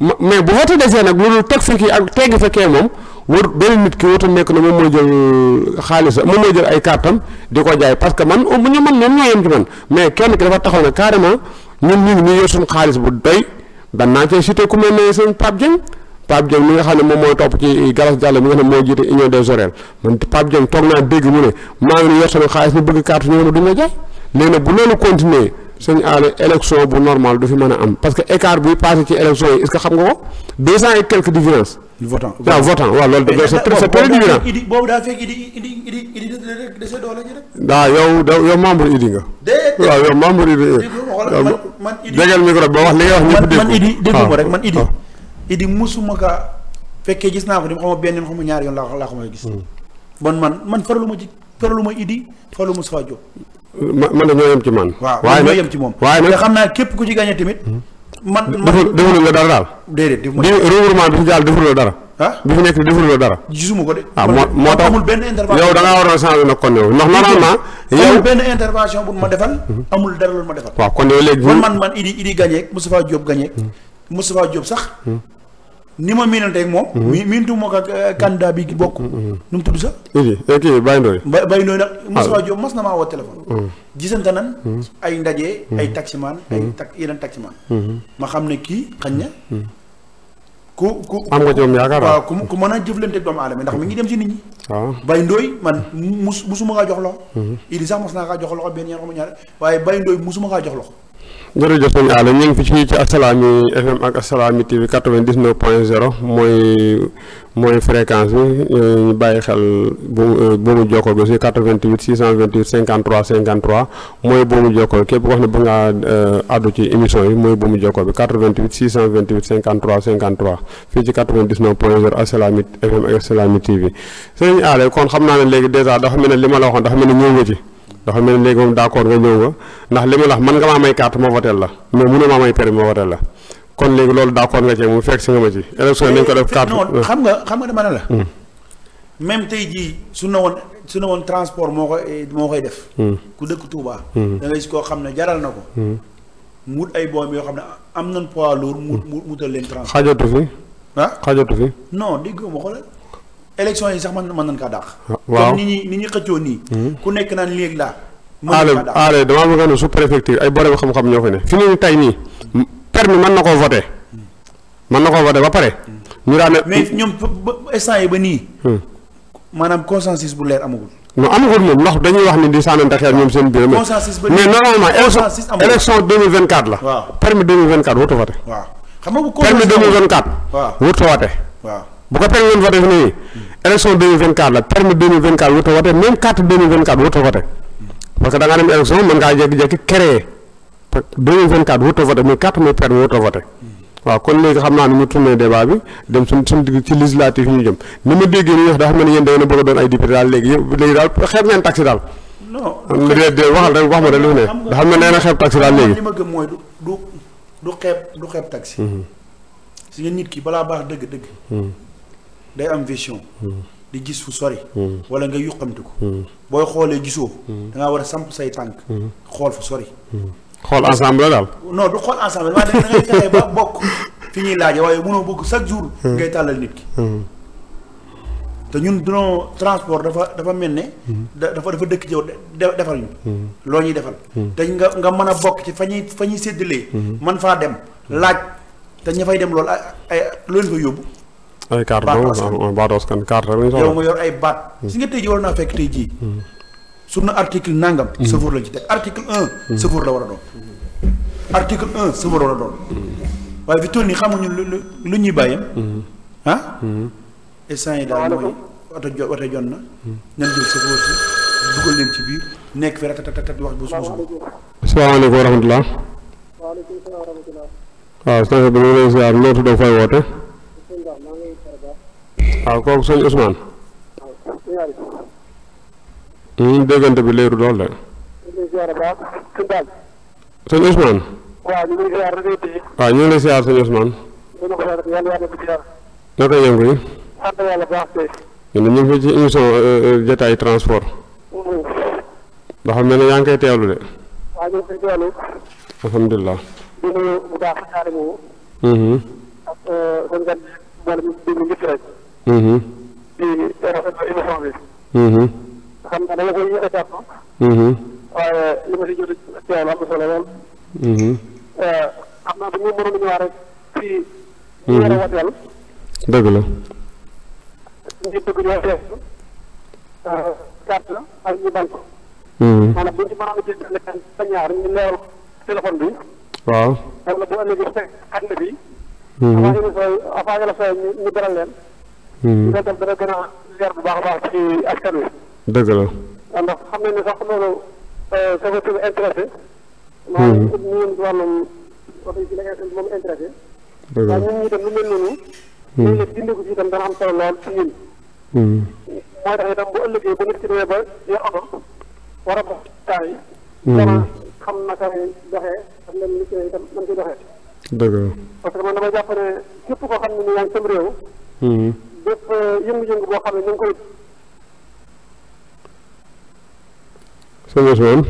S1: mais bu wootee desee nag loolu teg fa kii ak tegg fa moom war benn nit ki warut nekk na moom mooy jël euh, xaalis moom mooy jël ay kartam di ko jaay parce que man bu ñu man ñoom ñoo yem ci mais kenn ki dafa taxaw ne carrément ñun ñu yor suñu xaalis bu doy dan naa cee cité ku mel ne sëñ Pape Dieng Pape Dieng mi nga xam ne moom mooy topp ci Galas Diallo mi nga xam ne moo jiite union des horaires man Pape Dieng toog naa dégg mu ne maa ngi yor sama xaalis ñu bëgg carte ñu ne duñ la jaay na bu loolu continuer sëñ aale élection bu normal du fi mën a am parce que écart buy passé ci élection yi est ce que xam nga ko deux cent et quelques différence. votant waaw ah, votant waaw loolu. mais membre idi nga. membre idi nga. man man
S2: idi déggal micro ba wax li nga wax ñëpp dégg. man man idi ma ah, rek man idi. Ah. idi musuma ka fekkee gis naa ko ni ma xamoo benn xamu ñaar yoon laa ko laa ko may gis. Hmm. bon man man faraluma ci faraluma idi faraluma Moustapha Diop
S3: man dañoo yem ci man.
S2: waaw ñoo yem ci moom waaye nag xam naa képp ku ci gagné tamit. Hmm? man deful deful la dara daal. déedéet deful ma regroupement bi fi jàll deful la dara. ah bi fi nekk deful dara. gisuma ko de. ah moo moo tax amul benn intervention yow da ngaa waroon a changer nag
S1: kon yow ndax normalement.
S2: yow amul benn intervention bu ma defal. Hmm. amul dara lu ma defal. waaw kon yow léegi. man man man Idi Idi gagné Moustapha Diop gagné. Hmm. Moustapha Diop sax. ni ma miinante ak moom. Mhm. miintu ma ko euh, bi bokk. Mhm. nu mu tudd sax.
S3: kii eh, kii Baye Ndoye. Ba Baye Ndoye nag. Ah.
S2: mos na maa woo téléphone. Mhm. gisante
S3: ay ndaje.
S2: ay taximaan ay tax yeneen taximaan. ma xam ne kii xañ na. ku ku am ku mën a jëflante doomu aadama ndax mi ngi dem si nit ñi. waaw ah. Baye Ndoye man mus musuma jox loxo. Idi sax mos naa kaa jox loxo benn ñaar xaw ma ñaar waaye Baye Ndoye musuma kaa jox loxo.
S1: jërëjëf sëñ Alla ñu ngi fi ci ci Assalaamy FM ak Assalaamy TV 99 point 0 mooy mooy fréquence bi ñu bàyyi xel bu bu mu jokkoo bi si 88 628 53 53 mooy bu mu jokkoo képp koo xam ne ba ngaa àddu euh, ci émission yi mooy bu mu jokkoo bi 88 628 53 53 fii ci FM ak Assalaamy TV sëñ Alla kon xam naa ne léegi dèjà dafa mel li ma la waxoon dafa mel ne ñëw nga ci. dafa mel ni léegi moom d'accord nga ñëw nga ndax li ma lax wax man nga maa may carte ma voté la mais mënoo maa may permis ma voté la kon léegi loolu d'accord nga ci mu fekk si nga ma ci. élection nañ ko def carte euh. xam
S2: nga xam nga dama ne hmm. même tey jii su ne woon su ne woon transport moo koy eh, moo koy def. Hmm. ku dëkk tuubaa hmm. da ngay koo xam ne jaral na ko. mu wut ay boom yoo xam ne am nañ pois lourd mu mu mu wutal leen transport.
S1: xaajatu fi. ah xaajatu fi.
S2: non dégg nga xoolal. élection yi sax man mën nañ kaa dàq. waaw comme ni ñuy ni ñuy xëccoo nii. Hmm. ku nekk naan léegi laa.
S1: mën nañ kaa dàq aale aale a ne sous préfecture ay borom xam-xam ñoo fa ne. fi mu tey nii. permis mën na koo voté. Hmm. mën na koo voté ba pare. Hmm. ñu daan ne mais ñoom instant yi ba
S2: nii. maanaam consensus bu leer amagul.
S1: non amagul moom ndax dañuy wax ni di wut a voté.
S2: waaw xam nga bu consensus wut
S1: a voté. waaw bu ko permis woon voté fi nii. élection 2024 la terme 2024 warut a wote même carte 2024 warut a wote parce que da ngaa dem élection mën ngaa jékki-jékki créer 2024 warut a wote muy carte muy terme warut a wote waaw kon léegi xam naa ni ñu tourné débat bi dem suñ suñ digg ci législative yi ñu jëm ni ma déggee ñu wax daa xam ne yéen da ngeen a bëgg a doon ay député daal léegi yëpp léegi daal xeeb ngeen taxi daal. non déedéet waxal rek wax ma de da xam ne nee
S2: na xeeb taxi daal léegi. li ma gëm mooy mhm. si nga ki balaa baax dëgg dëgg. Mhm. day am vision. Hmm. di gis fu sori. Hmm. wala ngay yuqamti hmm. booy xoolee gisoo. da war a samp say tànk. xool fu sori. xool ensemble la daal. non du xool ensemble waaye da ba bokk fi ñuy laajee waaye munoo bokk chaque jour. ngay tàllal nit ki. te ñun dunoo transport dafa dafa mel ne. dafa dafa dëkk jëw defal ñu. loo ñuy defal. te nga nga mën a bokk ci fa ñuy fa ñuy séddalee. man faa dem laaj te ña fay dem loolu ay ay loolu fa yóbbu.
S1: ay carte baat askan carte rek yow nga yor
S2: ay baat hmm. si nga tey ji war naa fekk tey jii hmm. sur na article nangam hmm. sëfoor lañ ci teg article un sëfoor la war a doon article un sëfoor la war a doon waaye fi toll nii xamuñu lu lu ñuy bàyyam ah instant yi daal mooy oto jo oto jot na nan jël sëfoor si dugal leen ci biir nekk fi ratatatatat wax bu suusu
S4: asalaamaaleykum wa rahmatulah waaw sëñ bi ma lay ziar loo tudd fay
S1: woote waaw kooku sëñ Ousmane. Hmm, bi leeru lool de. sëñ Ousmane.
S4: waaw ñu ngi lay ziar
S1: waaw ñu ngi lay ziar sëñ Ousmane. yëngu yi. ñu ngi fi ci émission euh, euh, transport. ndax mel na yaa ngi koy teewlu de. alhamdulilah. Hmm, hmm.
S3: di
S4: rafetlu émission bi. xam nga waaye li ma si jot a teewal am na solo lool. xam naa bu ñu mënoon ñëwaat rek fii. dëgg la. ñu bëgg ñoo teew. carte la ak ñu bu ñu ci mënoon a jëndee kenn ñu leeral téléphone bi. waaw wala bu ëllëgee fekk at na bi. ñu beral leen. Hmm. dina dem dana gën a leer bu baax a baax ci askan wi. dëgg la. Ah, ndax xam nañ ne sax loolu sa euh, ko hmm. hmm. mel noonu. léegi nag dindi ko ci itam dana am solo lool ci ñun. mooy tax itam bu ëllëgee bu nit ci demee ba yor oto war a bokk taay. dana xam naka lay doxee ak ki doxee. dëgg la. parce que man dama jàpp ne képp koo xam ni yaa ngi sam réew. bépp euh, yëngu-yëngu boo xam ne ñu ngi koy.
S3: sëñ Ousmane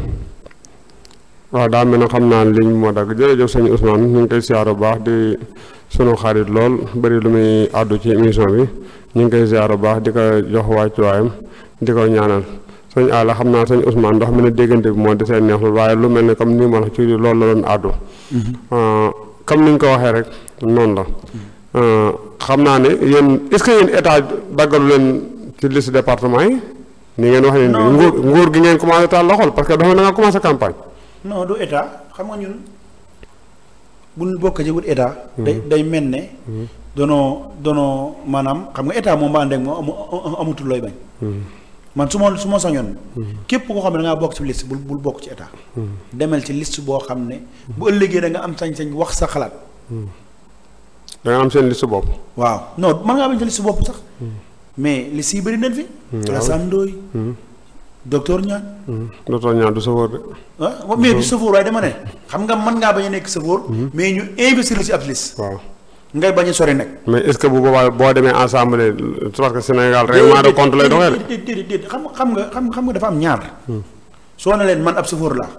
S3: waaw
S1: daa mel ne xam naa liñ moo dagg jërëjëf sëñ Ousmane ñu ngi koy siyaar bu baax di sunu xarit lool bëri lu muy àddu ci émission bi ñu ngi koy siyaar bu baax di ko jox wàccuwaayam di ko ñaanal. sëñ Alla xam naa sëñ Ousmane ndox mi ne déggante bi moo desee neexul waaye lu mel ne comme ni ma la ci loolu la doon àddu kam mhm. ah, ni ñu ko waxee rek noonu la mhm. Euh, xam naa ne yéen est-ce que yéen état daggalu leen ci liste département yi. ni ngeen wax ne nguur nguur gi ngeen commencé taal loxol parce que dafa na nga commencé campagne.
S2: non du état xam nga ñun buñ bokk ci wut état. day hmm. day mel ne. Hmm. danoo danoo maanaam xam nga état moom maa ndeg moom amatul looy bañ. Hmm. man su ma su ma sañoon. képp koo xam ne da bokk ci bul bul bokk ci état. demel ci list boo xam ne. bu ëllëgee da nga am sañ-sañ wax sa xalaat.
S1: da nga am seen liste bopp. waaw
S2: non man nga am seen liste bopp sax. Hmm. mais liste yi bëri nañ fi. Hmm, Alassane Ndoye.
S1: Hmm. docteur Niane. docteur Niane du chauffeur de.
S2: ah mais du chauffeur waaye dama xam nga man ngaa bañ nekk chauffeur. mais ñu investir ci ab liste. waaw sori nag.
S1: mais est ce que bu boobaa boo demee ensemble parce que Sénégal règlement de compte lay doxee de.
S2: déedéet xam nga xam nga xam nga dafa am ñaar. soo ne leen man ab chauffeur laa.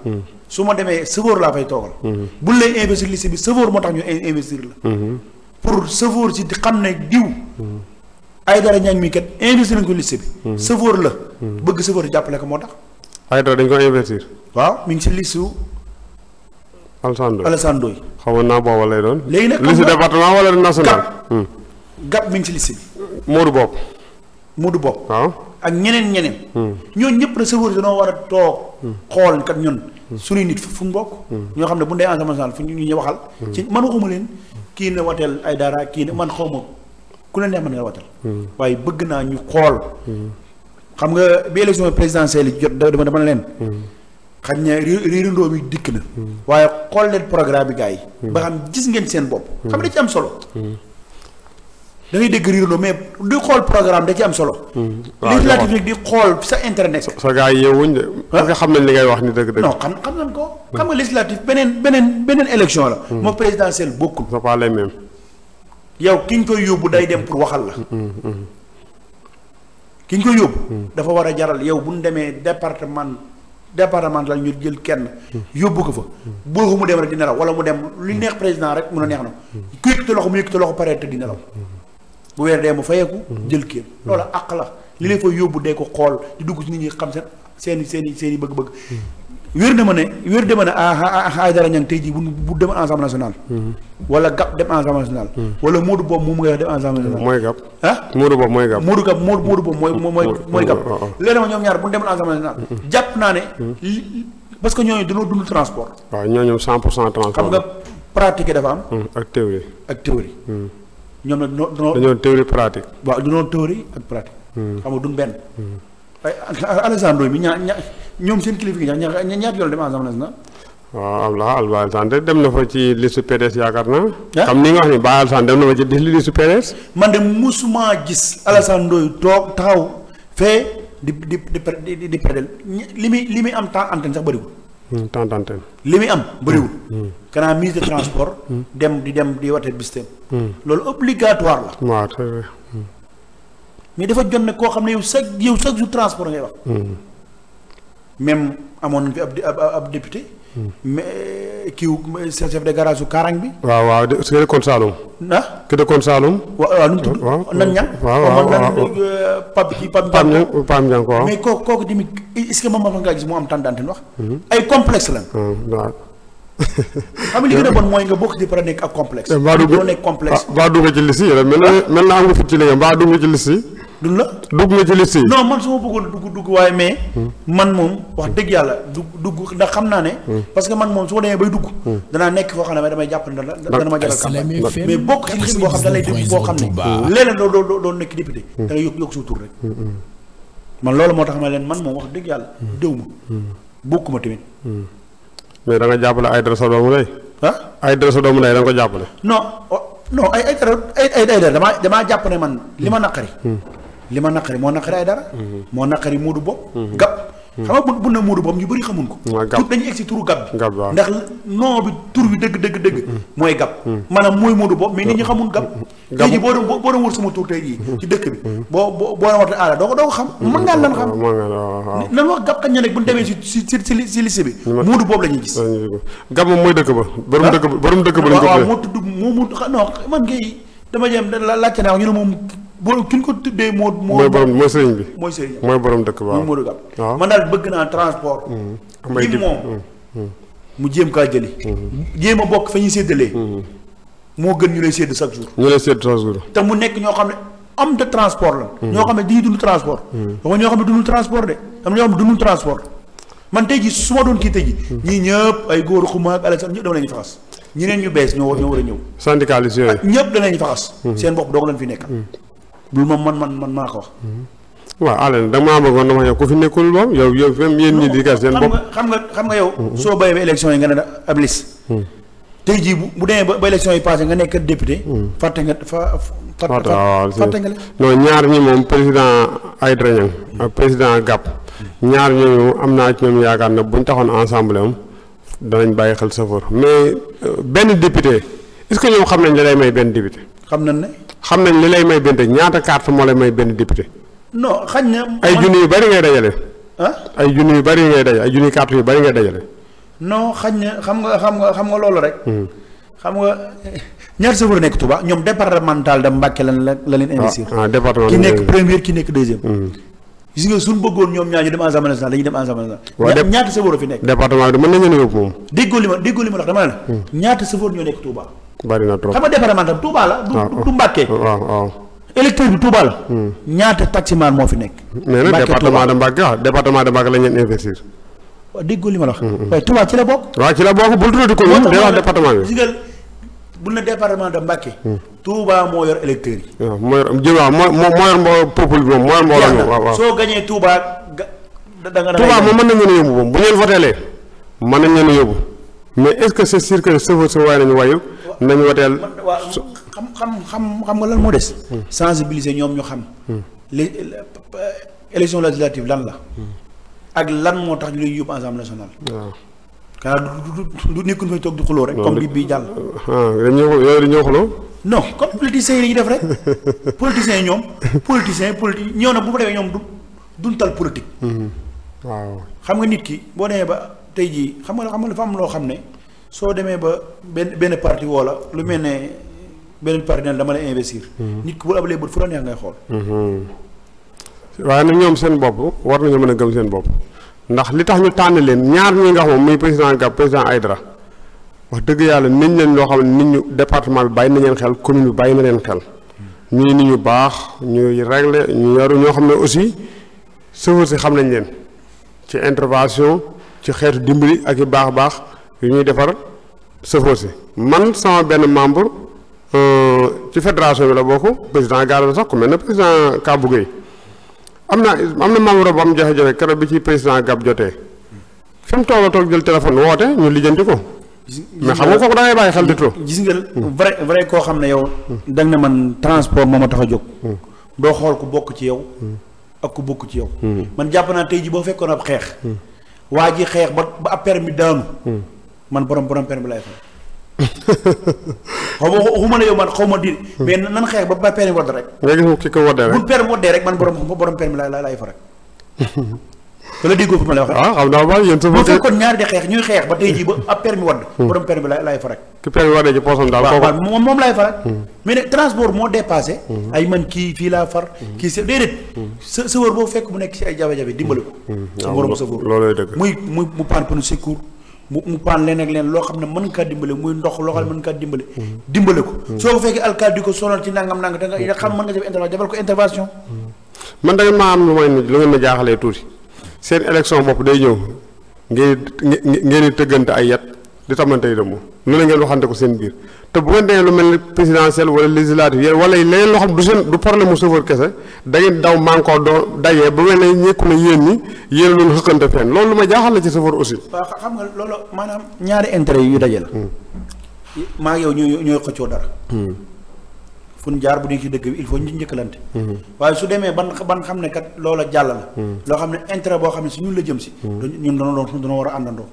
S2: su ma demee chauffeur laa fay toogal. buñ lay investir liste bi chauffeur moo tax ñu investir la. pour sëfoor si xam ne diw. Aydara Ñaŋ mi kat investir nañ ko liste bi. Mhm. sëfoor la. Mhm. bëgg sëfoor si jàppale ko moo tax.
S1: Aydara dañ ko investir. waaw mi ngi si liste su. Alassane Ndoye Alassane Ndoye. xamoon naa booba lay doon. léegi nag liste département wala national.
S3: Hmm.
S2: gab mi ngi si liste bi. Modou Bopp. Modou Bopp waaw. Ah. ak ñeneen ñeneen. Hmm. ñooñu ñëpp na sëfoor si dañoo war a toog. Hmm. xool kat ñun. suñuy nit fu mu bokk. ñoo xam ne bu ñu dee ensemble fu ñu ñu waxal. ci mënu uma kii na wateel ay dara kii na man xaw ma ku la neex ne nga wateel. waaye bëgg naa ñu xool. xam nga bi élection présidentielle yi jot dama dama leen. xam ne riiru ndóom yi dikk na. waaye xool leen programme bi gars yi. ba xam gis ngeen seen bopp. xam nga da ci am solo. da ngay dégg riirloo mais di xool programme da ci am solo.
S3: Hmm. législatif
S2: nag di xool
S1: sa internet. sa gars yi yeewuñ de. parce que xam nañ li ngay wax ni dëgg dëgg. non xam xam nañ ko. Hmm. xam nga législatif beneen beneen beneen élection la. Hmm. moo présidentielle bokkul. c'est pas les yow
S2: ki ñu koy yóbbu day dem pour waxal la. ki ñu koy yóbbu. dafa war a jaral yow bu ñu demee département département la ñu jël kenn. yóbbu ko fa. boo ko mu dem rek di nelaw wala mu dem lu neex président rek mun a neex na. ku yëkkati loxo mu yëkkati loxo pare te di nelaw. bu weer dee fa fayeeku mhm. jël kéem loolu mhm. àq la li lay fa yóbbu de ko xool di dugg ci nit ñi xam seen seen i seen i seen i bëgg-bëgg
S3: mhm.
S2: wér na ma ne wér dema ne ay ah, ah, ah, dara ñang tey jii bu bu dem ensemble national wala gap dem ensemble national wala Modou Bob moom nga wax dem ensemble national mooy moo ah Modou Bob mooy gap Modou gap Modou Modou Bob mooy mooy mooy gap oh, oh. léegi ma ñoom ñaar bu demal ensemble national jàpp naa ne parce que ñooñu dañoo dund transport
S1: ñoo ñooñu cent pour cent transport xam nga
S2: pratiqué ñoom nag ñoo dañoo. dañoo théorie pratique. waaw dañoo théorie ak pratique. xam nga duñ benn. Alexandre bi ñaa ña ñoom seen kilifa gi ña ña ñaata yoon dem Assemblée nationale.
S3: waaw
S1: am na Alba dem na fa ci liste PDS yaakaar na xam ni nga wax ni Ba Alsane dem na fa ci liste PDS.
S2: man de musuma gis Alassane Ndoye toog taxaw fee di di di di di perdel li muy li muy am temps antenne sax bëriwul.
S1: Hmm, temps d'antenne li muy am bëriwul.
S2: kanaa hmm, hmm. ministre de transport. dem di dem di wate bis loolu obligatoire la.
S1: waaw c'est vrai.
S2: dafa jot ne koo xam ne yow chaque yow chaque jour transport ngay wax. même amoon nañu fi ab ab ab député. kiiw chef de garage su Kaarang bi.
S1: waaw waaw de su ngeen kon Saalum. ah ki dëkkoon Saalum. waaw nu mu tudd. waaw nan ña. waaw waaw waaw euh, Pape kii Pape. Pape Ndiang Pape Ndiang waaw. mais
S2: kooku kooku tamit est-ce que moom ma nga gis mu am tendance wax.
S1: Mhm. ay complexe la. Ah, waaw.
S2: xam nga li gën a bon mooy nga bokk di pare nekk ak complexe. mbaa dugg doo nekk complexe. Ah, mbaa
S1: dugg ci liste yi rek mel na mel na am nga fit ci liggéey mbaa dugg ci liste yi. du la. dugg la ci liste yi. non
S2: man su ma bëggoon dugg dugg waaye mais. Hmm. man moom wax dëgg yàlla du dugg ndax xam naa ne. Hmm. parce que man moom su ma demee bay dugg. Hmm. danaa nekk koo xam ne damay jàpp ne dana ma jaral campagne mais bokk ci liste boo ne da lay dégg doo doo doo nekk
S1: député. yokk
S2: yokk sa tur rek. man loolu moo tax ma leen man moom wax dëgg yàlla.
S1: déw ma bokk ma tamit. mais da nga jàppale ay sa doomu lay. ah Aïdara sa doomu lay da nga ko jàppale.
S2: non oh, non ay ay ay ay damaa damaa jàpp ne man li ma naqari. li ma naqari moo naqari ay dara. Mhm. moo naqari muudu bopp. Mhm. gab mhm. xam nga bu ne muudu bopp ñu bëri xamuñ ko. mooy gab dañuy egg si turu gab bi. ndax dëgg dëgg mooy gab. maanaam mooy muudu bopp mais nit ñi xamuñ gab. gabu tey jii boo doon boo doon wër sama tur tey dëkk bi boo boo boo doon wër aada doo ko doo ko xam. mën ngaa lan xam
S1: mën ngaa waaw lan wax gab la ñu demee si si si si liste bi. muudu bopp la ñuy gis. gab moom mooy dëkk ba. borom dëkk ba borom dëkk ba lañ ko. waaw waaw moo
S2: tudd moo mu non man ngay dama jéem laajte naa ñu ne moom borom ki ñu ko tuddee moo. moo borom mooy sëriñ bi mooy sëriñ mooy borom dëkk waaw mooy borom man daal bëgg naa transport. Mm-hmm. amay ji moom mm-hmm. Mm-hmm. mu jéem kaa jëli. jéem a bokk fa ñuy séddalee. moo gën ñu lay sédd chaque jour. ñu lay sédd chaque jour. te mu nekk ñoo xam ne am de transport la. ñoo xam ne dañuy dund transport. waxuñu ñoo xam ne dundul transport de am ñoo xam ne dundul man tey jii su ma doon kii tey jii. ñii ñëpp ay góor xuma ak Alassane ñëpp dama faxas ñeneen ñu bees ñoo war ñoo war a ñëw.
S1: syndicaliste yooyu
S2: ñëpp danañ faxas. seen bopp doog leen fi nekkal. bul moom man man man maa ko wax. Hmm.
S1: waaw na da maa bëggoon dama yow ku fi nekkul moom yow yow même yéen ñi di gas seen bopp.
S2: xam nga xam nga yow. Hmm. soo bayee
S1: ba élection yi nga ne ab lis. Hmm.
S2: tey jii bu bu demee ba ba élection yi passé nga nekk député. fàtte nga fa
S1: fàtte nga non ñaar ñi moom président ay Niang ak président gàpp ñaar ñooñu am naa ci ñoom yaakaar ne bu ñu taxoon ensemble am danañ bàyyi xel sa mais euh, benn député est-ce que ñoom xam nañ la day may benn député. xam nañ ne. xam nañ li lay may benn ñaata carte moo lay may benn député. no xañ na. ay junni yu bari ngay dajale. ah ay junni yu bari ngay dajale ay junni carte yu bari ngay dajale.
S2: no xañ na xam nga xam nga xam nga loolu rek. Hmm. xam nga ñaar chauffeur nekk Touba ñoom départemental de Mbacké lan la la leen. Ah, investir ah,
S1: ki nekk premier ki nekk deuxième. Hmm.
S2: gis nga suñu bëggoon ñoom ñaar ñu dem assemblée nationale dañuy dem assemblée nationale ñaata sëfoor fi nekk
S1: département moom
S2: déggoo hmm. na
S1: trop xam nga département
S2: tam Touba la du ah, Mbàkke
S1: ah, waaw waaw électeur bi Touba la hmm.
S2: ñaata taximan moo fi nekk mais nag ci la bokk
S1: waaw ci la bokk bul tuddati commune day bi
S2: bu ne département de Mbacké. Touba moo yor électeurs yi.
S1: waaw moo yor jërëjëf moo moo yor mbooloo peuple bi moom moo yor mbooloo. waaw waaw soo gañee Touba ga da nga. Touba moom mën nañu leen a yóbbu moom bu ngeen voteelee mën leen a yóbbu mais ce que c'est sûr que chauffeur sa waay nañu wayu nañu woteel.
S2: xam xam xam xam nga lan moo des. Hmm. sensibiliser ñoom ñu xam. Hmm. li euh, élection législative lan la. Hmm. ak lan moo tax ñu lay yóbbu ensemble national. du nekkul fay toog di xuloo rek. comme bi bii jàll.
S1: ah dañoo yooyu dañoo xuloo.
S2: non comme politiciens yi dañuy def rek. politiciens yi ñoom. politiciens politique ñëw na bu ko defee ñoom du duntal politique.
S3: Mhm. waaw
S2: xam nga nit ki boo demee ba tey jii xam nga xam nga dafa am loo xam ne soo demee ba benn benn parti woo la lu mel ne benn parti dama lay investir. Mhm. nit ki bu abalee bët fu la neex ngay xool.
S1: Mhm. waaye nag ñoom seen bopp war nañu mën a gëm seen bopp. ndax li tax ñu tànn leen ñaar ñi nga xam muy président Gab président Aydara wax dëgg yàlla nit leen loo xam ne nit ñu département bi bàyyi na leen xel commune bi bàyyi na leen xel ñuy nit ñu baax ñuy régler ñu yaru ñoo xam ne aussi chauffeur si xam nañ leen ci intervention ci xeetu dimbali ak yu baax baax yu ñuy defar chauffeur si man sama benn membre euh, ci fédération bi la bokk président gaara sax ku mel ne président Kabou Gueye am na am na membre bu am jafe-jafe keroog bi ci président gab jotee fi mu toog a toog jël téléphone woote ñu lijjanti ko.
S2: mais xam nga kooku da ngay bàyyi xel di trop. gis nga hmm. vrai koo xam ne yow. Hmm. da nga ne man transport moo ma tax a jóg. Hmm. doo xool ku bokk ci yow. ak ku bokk ci yow. man jàpp naa tey ji boo fekkoon ab xeex. waa ji xeex ba ba ab permis daanu. man borom borom permis lay fay. xaw ma waxuma la yow man xaw ma di mais nan xeex ba ba permis wadd rek.
S1: nga gis ki ko waddee rek bu
S2: permis waddee rek man borom borom permis la fa rek.
S1: wala déggoo fi ma lay waxee. ah
S2: ñuy xeex ba tey jii ba ab permis wadd. Hmm. borom permis la laay fa rek.
S1: ki permis waddee ci poosam daal. moom moom fa rek. Hmm.
S2: mais nag transport moo dépassé. Hmm. ay man kii fii laa far. kii sa déedéet. sa sa boo fekk mu nekk ci ay jafe-jafe dimbali
S3: ko. sa morom sa góor looloo muy
S2: mu panne pneu secours mu mu paan leen ak leen loo xam ne mën kaa dimbale muy ndox loo xam ne mën kaa dimbale mm-hmm. dimbale ko mm-hmm. soo ko fekkee alkaati ko sonal ci nangam nangam da nga mm-hmm. xam mën nga def intervention defal ko intervention
S1: man da ngeen ma am lu may lu ngeen ma jaaxalee tuuti seen élection bopp day ñëw ngeen ngeen di tëggante ay yat di tamante yi dëmm lu ne ngeen waxante ko seen biir te bu ngeen demee lu mel ni présidentielle wala législative yéen wala leneen loo xam du seen du problème mu kese da ngeen daw mànkoo doo dajee ba mel ne ñekku na yéen ñi yéen a doon xëkkante loolu lu ma jaaxal la ci chauffeur aussi.
S2: waaw xam nga loolu maanaam ñaari intérêt yu daje la. Hmm. maa ngi yow ñooy ñooy xëccoo dara. Hmm. fun jaar bu nekk ci dëkk bi il faut ñu njëkkalante. Hmm. waaye su demee ban ban xam ne kat loola jàll la. loo xam ne intérêt boo xam ne si ñun la jëm si. ñun dañoo doon dañoo war a àndandoo.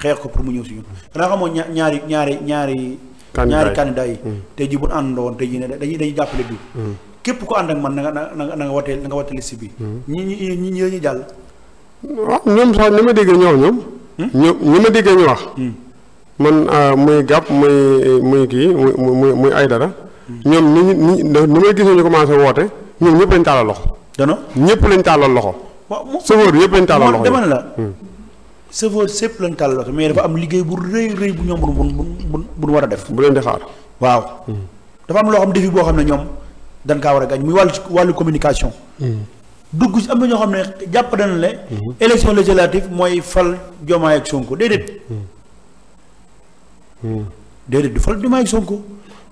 S2: xeex ko pour mu ñëw si ñun. xanaa xamoo ñaari ñaari ñaari ñaari candidat yi mm. tey ji bu ñu àndandoo woon tey ji ne dañuy dañuy jàppale bi mm. képp ko ànd ak man na nga na nga na nga watee na nga watee liste bi mm. ñi ñi ñi ñi dañuy jàll
S1: waaw ah, ñoom sax ni ma déggee ñoo ñoom ño hmm? ñi ma déggee ñu wax hmm. man ah, muy gàpp muy muy kii muy muy muy ay dara hmm. ñoom ni ñu ni ni may gisee ñu commencé woote ñoom ñëpp lañ tàllal loxo dana ñëpp lañ tàllal loxo
S3: waaw
S2: chauffeur bi tàllal loxo dama chauffeur sépp lañ tàll loxo mais dafa am liggéey bu rëy rëy bu ñoom bu bu bu war a def. bu leen di xaar. waaw. Hmm. dafa am loo xam defi boo xam ne ñoom dañ kaa war a gañ muy wàllu wàllu communication. Hmm. dugg si am na ñoo xam ne jàpp nañ le hmm. élection législative mooy fal Diomaye ak Sonko déedéet. déedéet du fal Diomaye ak Sonko.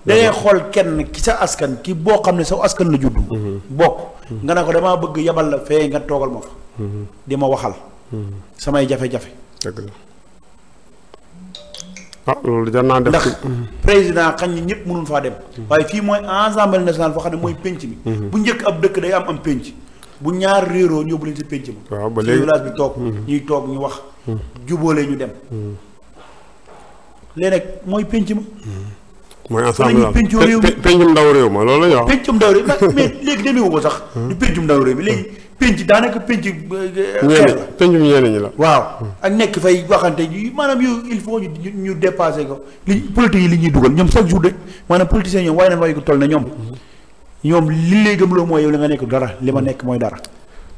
S2: dangay xool kenn ki sa askan ki boo xam ne sa askan la judd. bokk nga ne ko damaa bëgg yabal la fee nga toogal ma fa. di ma waxal. samay jafe-jafe.
S1: dëgg la ah loolu jar naa def. ndax
S2: président xañ ñi ñëpp mënuñ faa dem. waaye fii mooy ensemble national foo xam ne mooy penc mi. Mhm. bu njëkk ab dëkk day am am penc. bu ñaar réeroo ñóbbu leen si penc ma. waaw ba léegi village bi toog. Mhm. ñuy toog ñu wax. Mhm. jubóole ñu dem. léegi nag mooy penc ma.
S1: mooy ensemble am pencum ndaw réew ma loolu la ñu wax.
S2: pencum léegi demeewu ko sax. du pencum ndaw réew mi léegi. penc daanaka penc. xel la
S1: penc ñeneen ñi la. waaw
S2: ak nekk fay waxante yi maanaam yu il faut ñu ñu dépassé ko li politique yi li ñuy dugal ñoom chaque jour de maanaam politiciens ñoom waaye nañ waaye ko toll na ñoom ñoom li lay gëm loo mooy yow li nga nekk dara li ma mm. nekk mooy dara.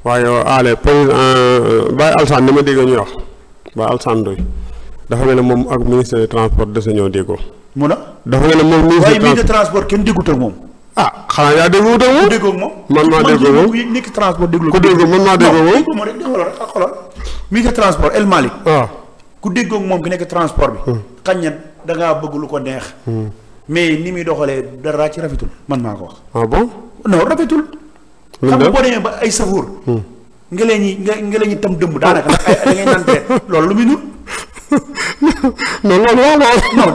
S1: waaye ale président euh, Baye Alsane dama dégg ñuy wax Baye Alsane Ndoye dafa mel moom ak ministre des transports de sa ñoo déggoo.
S2: mun a dafa mel moom ministre des transports waaye ministre des transports kenn déggut ak moom. ah xanaa yaa déggoo te moom. déggoo moom man maa déggoo moom man ah, nekk transport déggoo. Ah. ku déggoo man maa déggoo moom rek déggoo rek xoolal. mi transport El ku déggoo moom ki nekk transport bi. xañ na da bëgg lu ko neex. Hmm. mais ni muy doxalee dara ci rafetul man maa ko wax. ah bon non rafetul. xam nga boo demee ba ay safuur. Hmm. nga leen ñi nga tam dëmb daanaka ah. nag loolu lu muy nul. mais ah, loolu waaw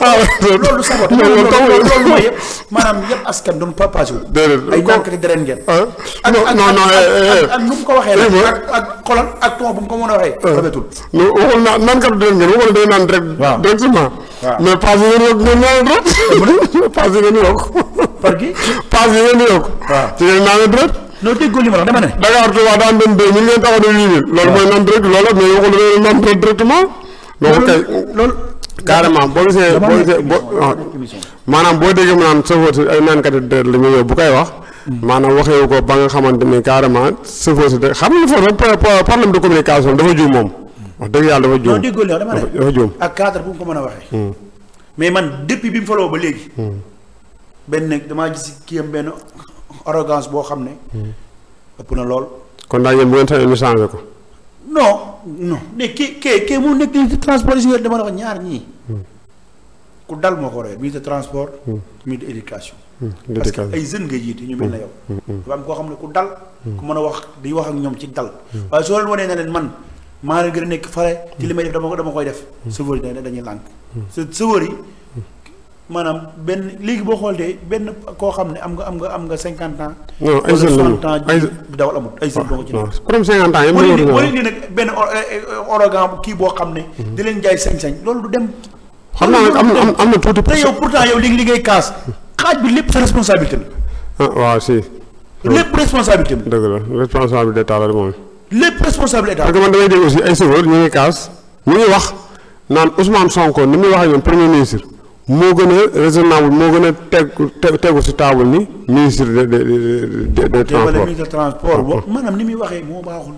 S2: waaw. loolu sabote loolu loolu mooy yëpp maanaam yëpp askan doon propagé wu. déedéet ay ñàkk deret ngeen. Ah, eh, ak ak nu mu ko waxee rek eh, eh. ak xolal ak ton bu mu ko mën a waxee. xametul ah. mais waxoon naa naan kat deret ngeen waxoon day naan direct. waaw directement.
S1: mais passé ngeen yokk ngeen naan direct. passé ngeen yokk. par kii passé ngeen yokk. waaw ci ngeen naan direct. non déggoo li ma la wax dama ne. Dakar Touba daan doon béy ñu ngi loolu mooy non direct loolu la mais waxul loolu non directement. loolu loolu carrément boo gisee boo gisee boo ah. maanaam boo déggee mu naan chauffeur si ay naankat yu deret la ñu yow bu koy wax. Hmm. maanaam waxewu ko ba nga xamante ni carrément chauffeur si de xam nga foofu problème de communication dafa juum moom. wax dëgg yàlla dafa juum non déggoo li dama ne dafa juum
S2: ak cadre bu mu ko mën a waxee. Hmm. mais man depuis bi mu ba léegi. Hmm. benn damaa gis kii am benn arrogance boo xam ne. Hmm. ëpp na lool.
S1: kon daal yéen bu ngeen tawee ñu changé ko.
S2: no no mais kii kii kii mu nekk ministre transport dama la ñaar ñii. Hmm. ku dal moo ko war a yor ministre transport. Hmm. ministre éducation.
S3: parce que ay jeunes nga jiite ñu mel na yow. dafa
S2: am koo xam ne ku dal. ku mën a wax di wax ak ñoom ci dal. waaye soo leen wanee ne leen man maa leen gën nekk fare ci li may def dama dama koy def. sëfër yi dañuy lànk. sëfër yi. maanaam benn léegi boo xoolee benn koo xam ne am nga am nga am nga cinquante ans. non ay jeunes la ay dawal amut ay jeunes doo ko ci eh, eh, kii boo xam ne. Mhm. di leen jaay sañ loolu du dem. xam naa nag am na tuuti. te yow pourtant yow li ngay kaas xaaj bi lépp sa responsabilité
S1: la. ah waaw si. lépp responsabilité la. dëgg la responsable d'état la man damay dégg aussi ay chauffeur ñu ngi kaas ñu ngi ni muy waxee ñoom premier ministre. moo gën a raisonnable moo gën a teg tegu si table ni ministre de de de de transport ministre de transport
S2: maanaam ni muy waxee moo baaxul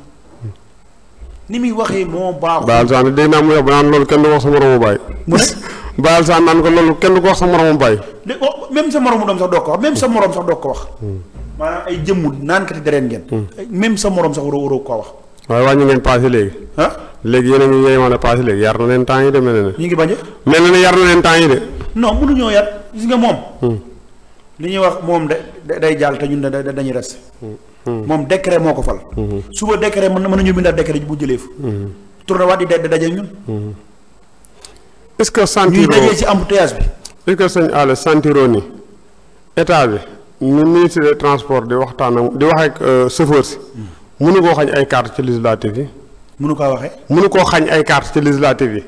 S2: ni muy waxee moo baaxul. Baal
S1: Sane dégg naa mu wax naan loolu kenn du wax sa moromu baay. mu ne Baal Sane naan ko loolu kenn du ko wax sa moromu baay.
S2: de oh, même sa moromu doom sax doo ko wax même sa morom sax doo ko wax. Hmm. maanaam ay jëmm naan kat dereen ngeen. Hmm. même sa morom sax waroo waroo koo
S1: wax. waaye wàññi ngeen paase léegi. ah léegi yéen a ngi yéen a paase léegi yar na leen temps yi de mel na ne. ñu ngi bañ a. mel na ne yar na leen temps yi de.
S2: non mënuñoo yaat gis nga moom. Hmm. li ñuy wax moom da day jàll te ñun da dañuy res.
S3: Hmm. moom décret moo ko fal. Hmm.
S2: suba décret mën na mën nañu bindaat décret bu jëlee fu tourné waat di da ñun.
S1: est-ce que sentiroo ñuy dajee ci embouteillage bi. est-ce que sëñ Allé état bi ni ministre transport di waxtaan di wax ak euh, chauffeur si. mënu koo xañ ay carte ci législative yi. mënu koo waxee. mënu koo xañ ay carte ci législative yi.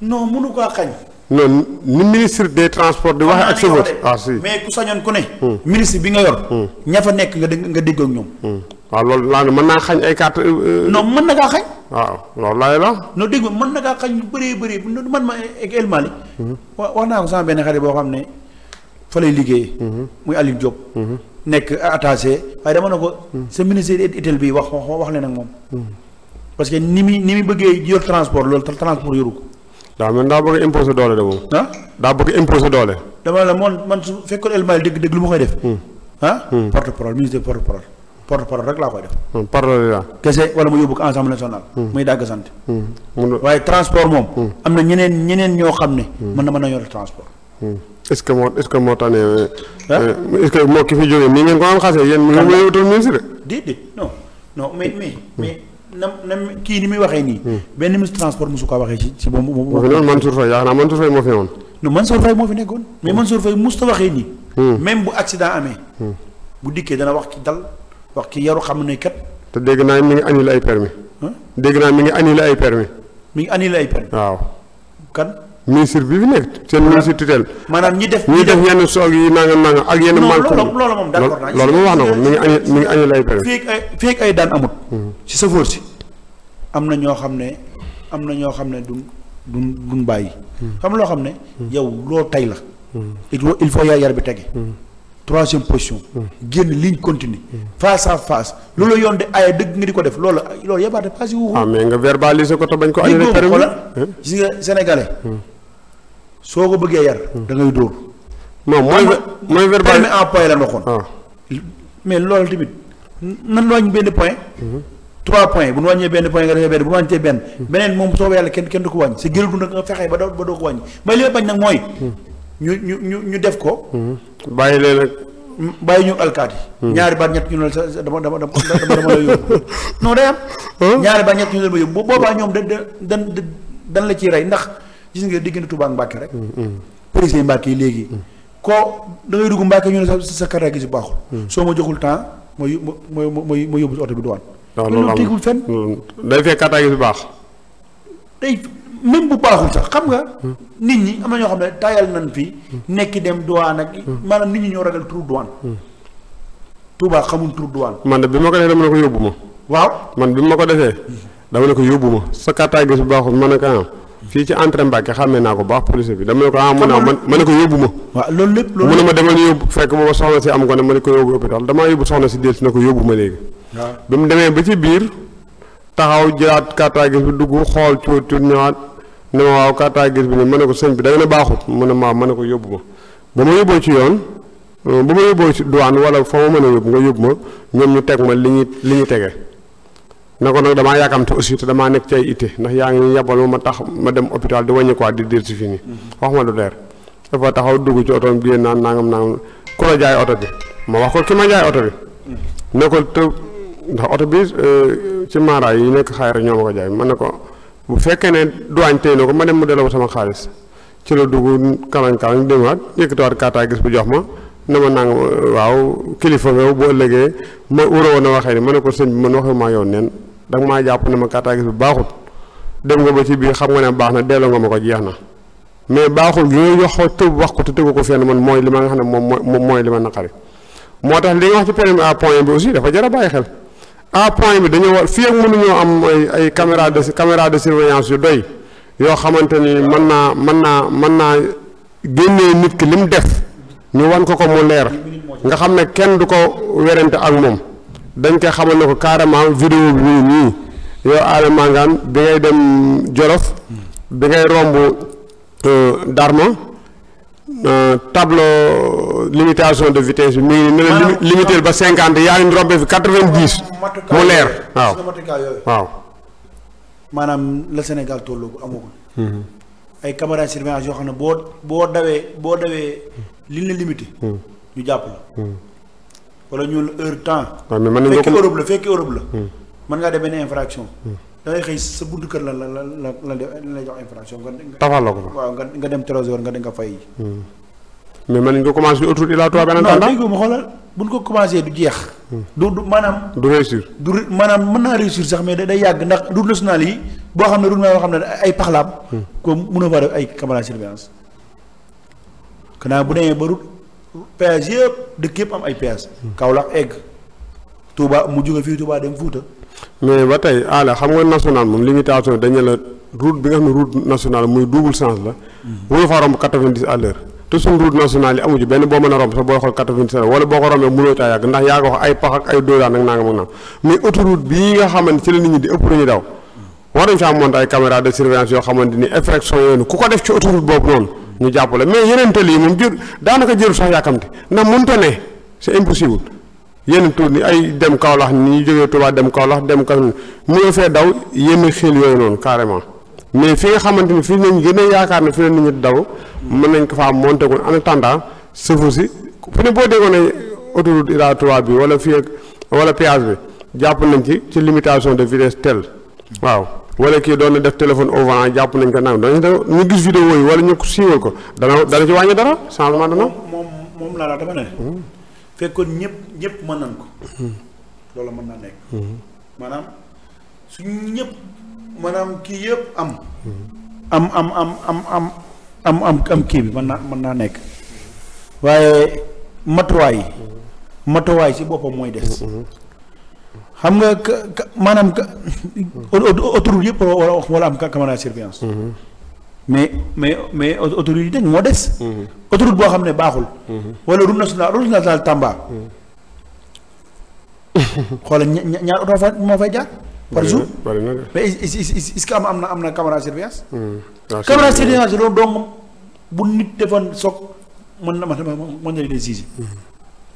S2: no mënu koo xañ.
S1: non ni ministre des transports di waxee ak chauffeur ah,
S2: mais ku sañoon ku ne.
S1: Hmm. ministre bi nga yor. Hmm. ña fa nekk nga nga déggoo ak ñoom. waaw hmm. ah, loolu laa man mën naa xañ ay carte.
S2: Euh, euh, non mën na a xañ. waaw loolu laay la. non dégg nga mën na kaa xañ lu bëree bëri man ma ak El Mali. wa wax naa ko sama benn xarit boo xam ne fa lay liggéeyee. muy Aliou Diop. nekk attaché waaye dama ne ko. sa ministre itel bi wax wax wax leen ak moom. parce que ni muy ni muy bëggee yor transport loolu transport yoru ko. daa mel daa
S1: bëgg imposé doole de moom. ah daa bëgg imposé doole.
S2: dama la man man su fekkoon El Malick dëgg dëgg lu ma koy def. Hmm. Hmm. porte parole ministre porte parole. porte parole rek laa koy def.
S1: Hmm, parole la. kese
S2: wala mu yóbbu ko ensemble national. muy dàgg sant. waaye transport moom. am na ñeneen ñeneen
S1: ñoo xam ne. mën na mën na transport. est moo est-ce que moo euh, euh, est moo ki fi jógee nii ngeen ko am xasee yéen. mu ngi lay wutal
S2: ministre. déedéet non non mais mais. na na kii ni muy waxee nii. Hmm. benn ministre transport su ko waxee ci si moom. moom loolu Mansour Faye
S1: yaakaar naa Mansour Faye moo fi woon.
S2: non Mansour Faye moo fi nekkoon. Hmm. mais Mansour Faye mosut a waxee nii. Hmm. même bu accident amee. bu dikkee dana wax ci dal wax ci yaru xam ne kat.
S1: te dégg naa mi ngi annulé ay permis dégg naa mi ngi annulé ay permis mi ngi annulé ay permis waaw kan. ministre bi fi nekk seen ministre tutelle. maanaam ñi def ñi def yenn soog yi nangam nangam ak yenn. manque loolu loolu moom d'accord naa loolu moom wax na ko mi ngi añu mi ngi añu lay période. fii ay fii ay daan amut. Hmm. ci
S2: sëfoor si am na ñoo xam ne am na ñoo xam ne duñ duñ duñ bàyyi. Hmm. xam loo xam ne. Hmm. yow loo tay la. il faut yaay yar bi tege. troisième position. génn ligne continue. face à face loolu yoon di aaye dëgg nga di ko def loolu loolu yabaate passé wu.
S1: ah mais nga verbaliser ko te bañ ko. añu lay période gis nga sénégalais. soo ko bëggee yar. Hmm. da ngay dóor. non mooy mooy verbal permis en point la ñu waxoon. Ah.
S2: mais loolu tamit nan la wàññi benn point. Hmm. trois points bu ñu benn point bu ñu benn. Hmm. beneen moom soobee yàlla kenn kenn du ko wàññi si gëldu nag nga fexe ba doo ba doo ko wàññi mais mooy. ñu ñu ñu ñu def ko. bàyyi leen rek. bàyyi ñu alkaati. ñaari baat ñett ñu ne la dama dama dama dama lay yóbbu non day am. ñaari baat ñett ñu ne la ma yóbbu boobaa ñoom da da dan dan la ciy rey ndax. gis nga diggante Touba ak Mbacke rek. Mm, mm. police yi Mbacke yi léegi. Mm. ko da ngay dugg Mbacke ñu ne sa sa carte gi si baaxul. soo ma joxul temps mooy yób mooy ma ma yóbbu si bi duwaan.
S3: non loolu amul tegul
S1: fenn. day fekk carte gi si bu baaxul
S2: xam nga. nit ñi am na ñoo xam tayal nañ fi. nekki dem duwaan ak. maanaam nit ñi ñoo ragal turu duwaan. Touba xamul turu duwaan. man
S1: de bi ma ko defee dama ne ko yóbbu ma. waaw man bi ma ko defee. dama ko yóbbu ma sa carte gi si baaxul ma ne ko ah. fii ci entrée Mbàkke xàmmee naa ko baax police bi dama ko ah mu ne man ma ne ko ma waaw loolu lépp loolu mu ma demal yóbbu fekk ko yóbbu na ko yóbbu ma léegi bi mu ba ci biir taxaw jëlaat cartagis bi dugg xool cuut cuut ñëwaat ne ma waaw bi ne ma ne ko seen bi da ne baaxut mu ne ma ma ne ko yóbbu ma ba ma yóbboo ci yoon ba ma yóbboo ci douane wala fa ma mën a yóbbu nga yóbbu ma ñoom ñu teg ma li li ñu tege na ko nag damaa yàkkamte aussi te damaa nekk ci ay itte ndax yaa ngi yabal ma ma tax ma dem hôpital di ko quoi di dir si fii nii wax ma du dafa taxaw dugg ci oto bi génn naan nangam nangam jaay oto bi ma wax ko ki ma jaay oto bi ne ndax oto bi euh, ci maaraay yi nekk xaar ñoo ma ko jaay ma ne ko bu fekkee ne duwaañ tey na ko ma dem mu delloo sama xaalis ci la dugg kalañ kalañ demaat yëkkatiwaat kaataay gis bu jox ma ne ma nangam waaw kilifa nga boo ëllëgee ma wóoroo woon a waxee ni ma ne ko sëñ bi man waxee danga maa jàpp ne ma kattaagis bi baaxul dem nga ba ci biir xam nga ne baax na delloo nga ma ko jeex na mais baaxul li ngay wax tëb wax ko te tegu ko fenn man mooy li ma nga xam ne moom moom mooy li ma naqari moo tax li nga wax ci problème à point dafa jar a bàyyi xel à point bi dañoo war fii ak mënuñoo am ay ay caméra de caméra de surveillance yu doy yoo xamante ni mën naa mën naa mën naa génnee nit ki li mu def ñu wan ko ko mu leer nga xam ne kenn du ko werante ak moom dañ koy xamal ne ko carrément vidéo bi mu nii yow Adama Mangane bi ngay dem Jolof bi ngay romb euh, Darma euh, tableau limitation de vitesse bi mu ngi ne la ba cinquante yaa ngi rombee fi quatre-vingt-dix mu leer waaw waaw
S2: maanaam la Sénégal tollu amagul mm-hmm. ay caméra surveillance yoo xam ne boo boo dawee boo dawee mm. li ñu la mm. ñu jàpp la mm. wala ñu heure temps. waaw ah, mais mën nañu ko Europe la fekk Europe la. Hmm. mën ngaa def benn infraction. da xëy sa buntu kër la la la la la lay jox infraction. tafal la ko fa waaw nga dem trésor nga dem nga fay.
S1: Hmm. mais mën nañu ko commencé autour il a trois benn temps. non dégg ma
S2: xoolal bu ko commencé du jeex. Hmm. du du maanaam. du réussir du maanaam mën naa réussir sax mais da day yàgg ndax route nationale yi boo xam ne route nationale yoo xam ne ay paxlaam. comme mënoo fa def ay caméra surveillance. xanaa bu demee ba route péage yëpp dëkk yëpp am ay péage Kaolack egg Touba mu jóge fii Touba dem Fuuta
S1: mais ba tey ala xam nga national moom limitation dañu la route bi nga xam hmm. ci wala boo ko rombee mënoo caa nga xamante ci la nit ñi di ëpp dañuy daw hmm. war nañ faa monter ay caméra de surveillance yoo xamante ni infraction yooyu ku ko def ci autoroute boobu noonu ñu jàppale mais yeneen tali yi moom jër daanaka jëru sax yàkkamti ndax mënta ne c'est impossible yenn tur ni ay dem Kaolack ni ñu jógee Touba dem Kaolack dem ka mënoo fee daw yenn xel yooyu noonu carrément mais fi nga xamante ni fii nañ gën a yaakaar ne fi leen nit ñi daw mën nañ ko fa faa monté ko en attendant sëfu si fu ne boo déggoon ne autoroute Ila Touba bi wala fii ak wala péage bi jàpp nañ ci ci limitation de vitesse telle waaw wala kii doon na def téléphone au vent jàpp nañ ko naan dañu ñu gis vidéo yi wala ñu ko siiwal ko dana dana ci wàññi dara changement dana.
S2: moom moom laa la dama ne. Hmm. fekkoon ñëpp ñëpp mën nañ ko. Hmm. loolu mën naa nekk. Hmm. maanaam suñu ñépp maanaam kii yëpp am. am am am am am am kii bi mën naa mën naa nekk waaye matuwaay. matuwaay si boppam mooy des. xam nga maanaam autoroute yëpp wala wala am caméra surveillance mm-hmm. mais mais mais autoroute yi dañ moo des mm-hmm. autoroute boo xam ne baaxul mm-hmm. wala route nationale route nationale Tamba xoolal ñaar oto fa moo fay jaar par jour mais est-ce que am am na am na caméra surveillance
S1: ah, caméra surveillance
S2: loolu donc bu nit defoon soog mën na ma mën na leen saisir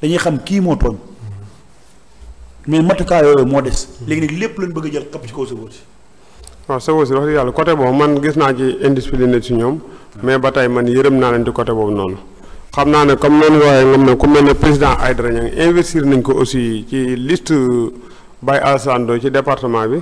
S2: dañuy xam kii moo tooñ mais matukaay yooyu moo des. léegi nag lépp lañ bëgg a jël kapp ci kaw Sofër si.
S1: waaw Sofër si wax dëgg yàlla côté boobu man gis naa ci indiscipliné ci ñoom mais ba tey man yërëm naa leen ci côté boobu noonu. xam naa ne comme noonu waaye nga ne ku mel ne président Aïdara Niang investir nañ ko aussi ci list Baye Alassane Ndoye ci département bi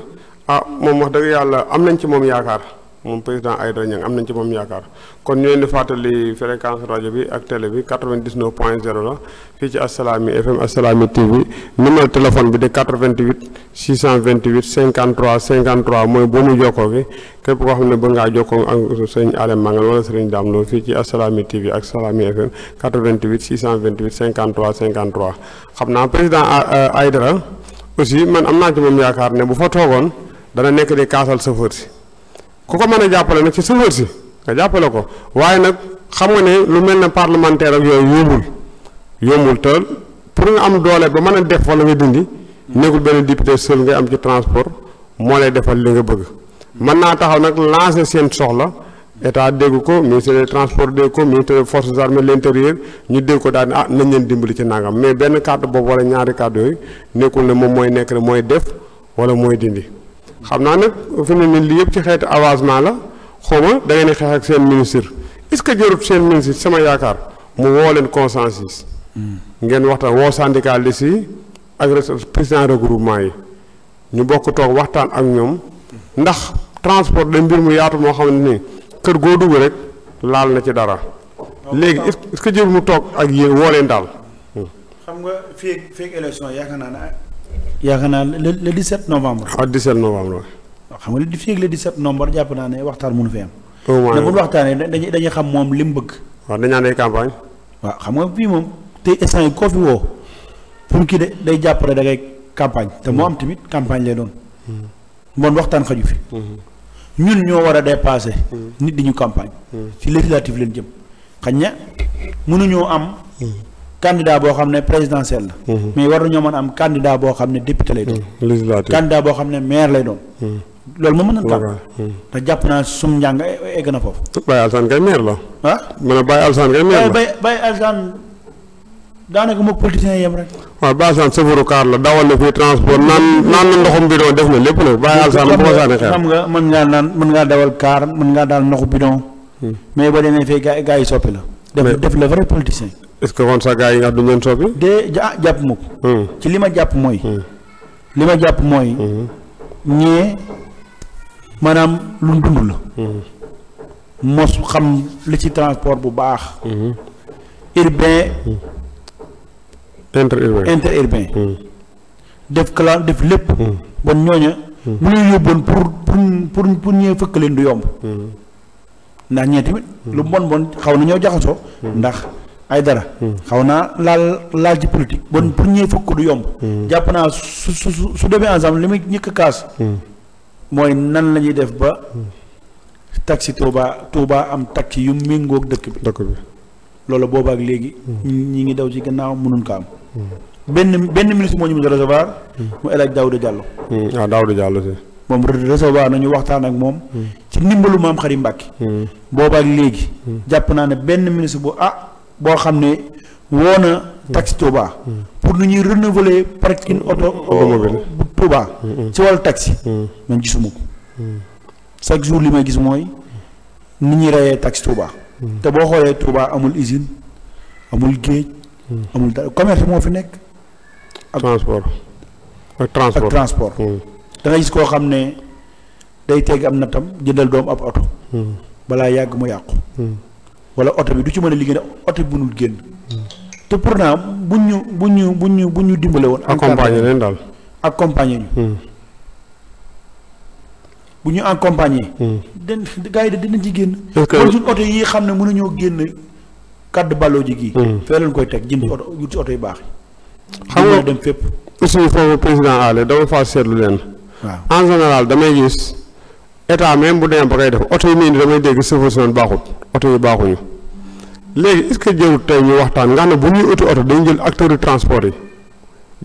S1: ah moom wax dëgg yàlla am nañ ci moom yaakaar. moom président Aïdara Niang am nañ ci moom yaakaar kon ñu leen di fàttali fréquence rajo bi ak télé bi 99 point 0 la fii ci Assalaamy FM Assalaamy TV numéro téléphone bi de 88 628 53 53 mooy boo mu jokkoo gi képp koo xam ne bëgg ngaa jokkoo ak sëñ Alé Mangal wala sëñ Dame Lo fii ci Assalaamy TV ak Assalaamy FM 88 628 53 53 xam naa président euh, Aïdara aussi man am naa ci moom yaakaar ne bu fa toogoon dana nekk di kaasal chauffeur si ku ko mën a jàppale nag ci sa si nga jàppale ko waaye nag xam nga ne lu mel ne parlementaire ak yooyu yombul yombul te pour nga am doole ba mën a def wala nga dindi nekkul benn député seul ngay am ci transport moo lay defal li nga bëgg mën naa taxaw nag lancer seen soxla état dégg ko ministère des transports dégg ko ministère des forces armées l' intérieur ñu dégg ko daal ne ah leen dimbali ci nangam mais benn carte boobu wala ñaari carte yooyu nekkul moom mooy nekk mooy def wala mooy dindi. xam naa nag fi mu ne lii yëpp ci xeetu avancement la xawma da ngeen di xeex ak seen ministre est-ce que jarut seen ministre sama yaakaar mu woo leen consensus. ngeen waxtaan woo syndicaliste si ak président regroupement yi ñu bokk toog waxtaan ak ñoom ndax transport de mbir mu yaatu moo xam ne nii kër goo dugg rek laal na ci dara. léegi est que jarut mu toog ak yéen woo leen daal.
S2: xam nga fii fii élection yaakaar naa ne
S1: yaakaar naa le le 17 novembre. ah 17 novembre waaw.
S2: Ah, xam nga li fii ak le 17 novembre jàpp naa ne waxtaan mënu fi am. au moins bu ñu waxtaanee dañuy xam moom li mu bëgg. waaw ah, dañu naan ay campagne. waaw xam nga fii moom te instant yi koo fi woo pour kii de day jàpp rek da campagne te moo hmm. am tamit campagne lay doon. moom waxtaan xaju fi. Hmm. ñun ñoo war a dépassé. Hmm. nit di ñu campagne. ci législative leen jëm xañ na mënuñoo am. candidat boo xam ne présidentiel la. Mhm. mais war nañoo mën a am candidat boo xam ne député lay doon. Mhm. législatif boo xam ne maire lay doon. Mhm. loolu moom mën na tàmm. te jàpp naa sum e-, e-, na foofu.
S1: Baye Alsane kay maire la. ah ma la eh, Baye
S2: Baye Alsane daanaka moog politicien
S1: yem rek. waaw Baye Alsane chauffeur car la dawal na fii transport naan naan na ndoxum bidon def na lépp nag Baye Alsane nga
S2: mën ngaa naan mën ngaa dawal car mën ngaa daal ndoxu bidon. Hmm. mais ba demee fii gaa gaa yi soppi la.
S1: def def le vrai politicien. est-ce que kon sa gars yi nga xam du
S2: ñu hmm. ci li ma jàpp mooy. Hmm. li ma jàpp mooy. Hmm. ñee maanaam lu dund la. mos xam li ci transport bu baax. urbain.
S1: inter urbain inter urbain.
S2: def kala def lépp. bon ñooña. bu ñu yóbboon pour pour pour fëkk leen du yomb. ndax ñee tamit. lu bon bon xaw na ñoo jaxasoo. ndax. ay dara. xaw naa laal laal ci politique. bon pour ñëw fukk du yomb. Hmm. jàpp naa su su su demee ensemble li muy ñëkk kaas. Hmm. mooy nan lañuy def ba. Hmm. taxi Touba Touba am taxi yu méngoog dëkk bi. dëkk bi loolu boobaak léegi. ñi ngi daw ci gannaaw mënuñ ko am. benn benn ministre moo ñu mën a recevoir. mu El Hadj Daouda Diallo.
S1: ah Daouda Diallo si.
S2: moom recevoir nañu waxtaan ak moom. ci ndimbalu maam Xarim Mbàkke. boobaak léegi. jàpp naa ne benn ministre bu ah. boo xam ne woo na taxi pour nu ñuy renouveler parc une auto. automobile Touba. ci wàllu taxi. Mm. man gisuma ko. Mm. chaque jour li may gis mooy ni ñuy reyee taxi Touba. Mm. te boo xoolee Touba amul usine amul géej. amul dara commerce moo fi nekk.
S1: ak transport
S2: ak gis koo xam ne day teg am nattam jëndal doom ab oto. balaa yàgg mu yàqu. wala oto bi du ci mën a liggéey oto bu mënul génn. te pourtant bu ñu bu ñu bu ñu bu ñu dimbale woon. accompagner leen daal ak ñu. Hmm. bu ñu accompagner. Hmm. den gars yi de dinañ ci génn. kon suñ oto yi xam ne mënuñoo génn kàddu balloo ji gii. Hmm. fee leen koy teg jënd oto wut si oto yu baax
S1: xam nga dem fépp. aussi foofu président Allé dama faa seetlu leen. waaw en général damay gis. état même bu demee ba koy def oto yi muy indi damay dégg chauffeur si baaxut oto yi baaxuñu léegi est ce que ñu waxtaan nga xam ne bu jël acteur de transport yi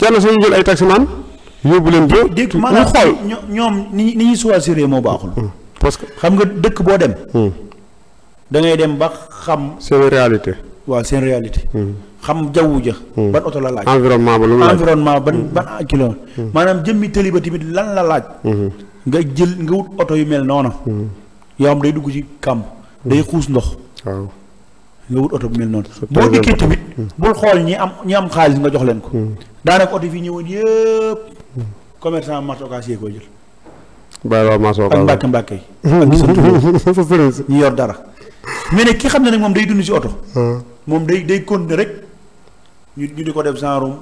S1: jar na suñu jël ay taximan yóbbu leen. ba
S2: ñu ñoom ni ñuy choisir moo baaxul. Hmm, parce que xam nga dëkk boo dem. Hmm. da ngay dem ba xam. seen réalité. waaw seen réalité. Hmm. xam jawwu ja ban oto la laaj. environnement ba lu mu laaj environnement kilo. maanaam jëmmi tëli ba tamit lan la laaj. nga jël nga wut oto yu mel noonu. Hmm. yoo xam day dugg ci kàmb. day xuus ndox. waaw nga wut oto bu mel noonu. boo dikkee tamit. Hmm. bul xool ñi am ñi am xaalis nga jox leen ko. Hmm. daanaka oto fi ñëwoon yëpp. commerçant marché Ocass koy jël.
S1: bàyyi la marché ak mbàkke mbàkke yi. ak gisatu ñu yor dara.
S2: mais ne ki xam ne nag moom day dund ci oto. moom day day continuer rek ñu ñu di ko def genre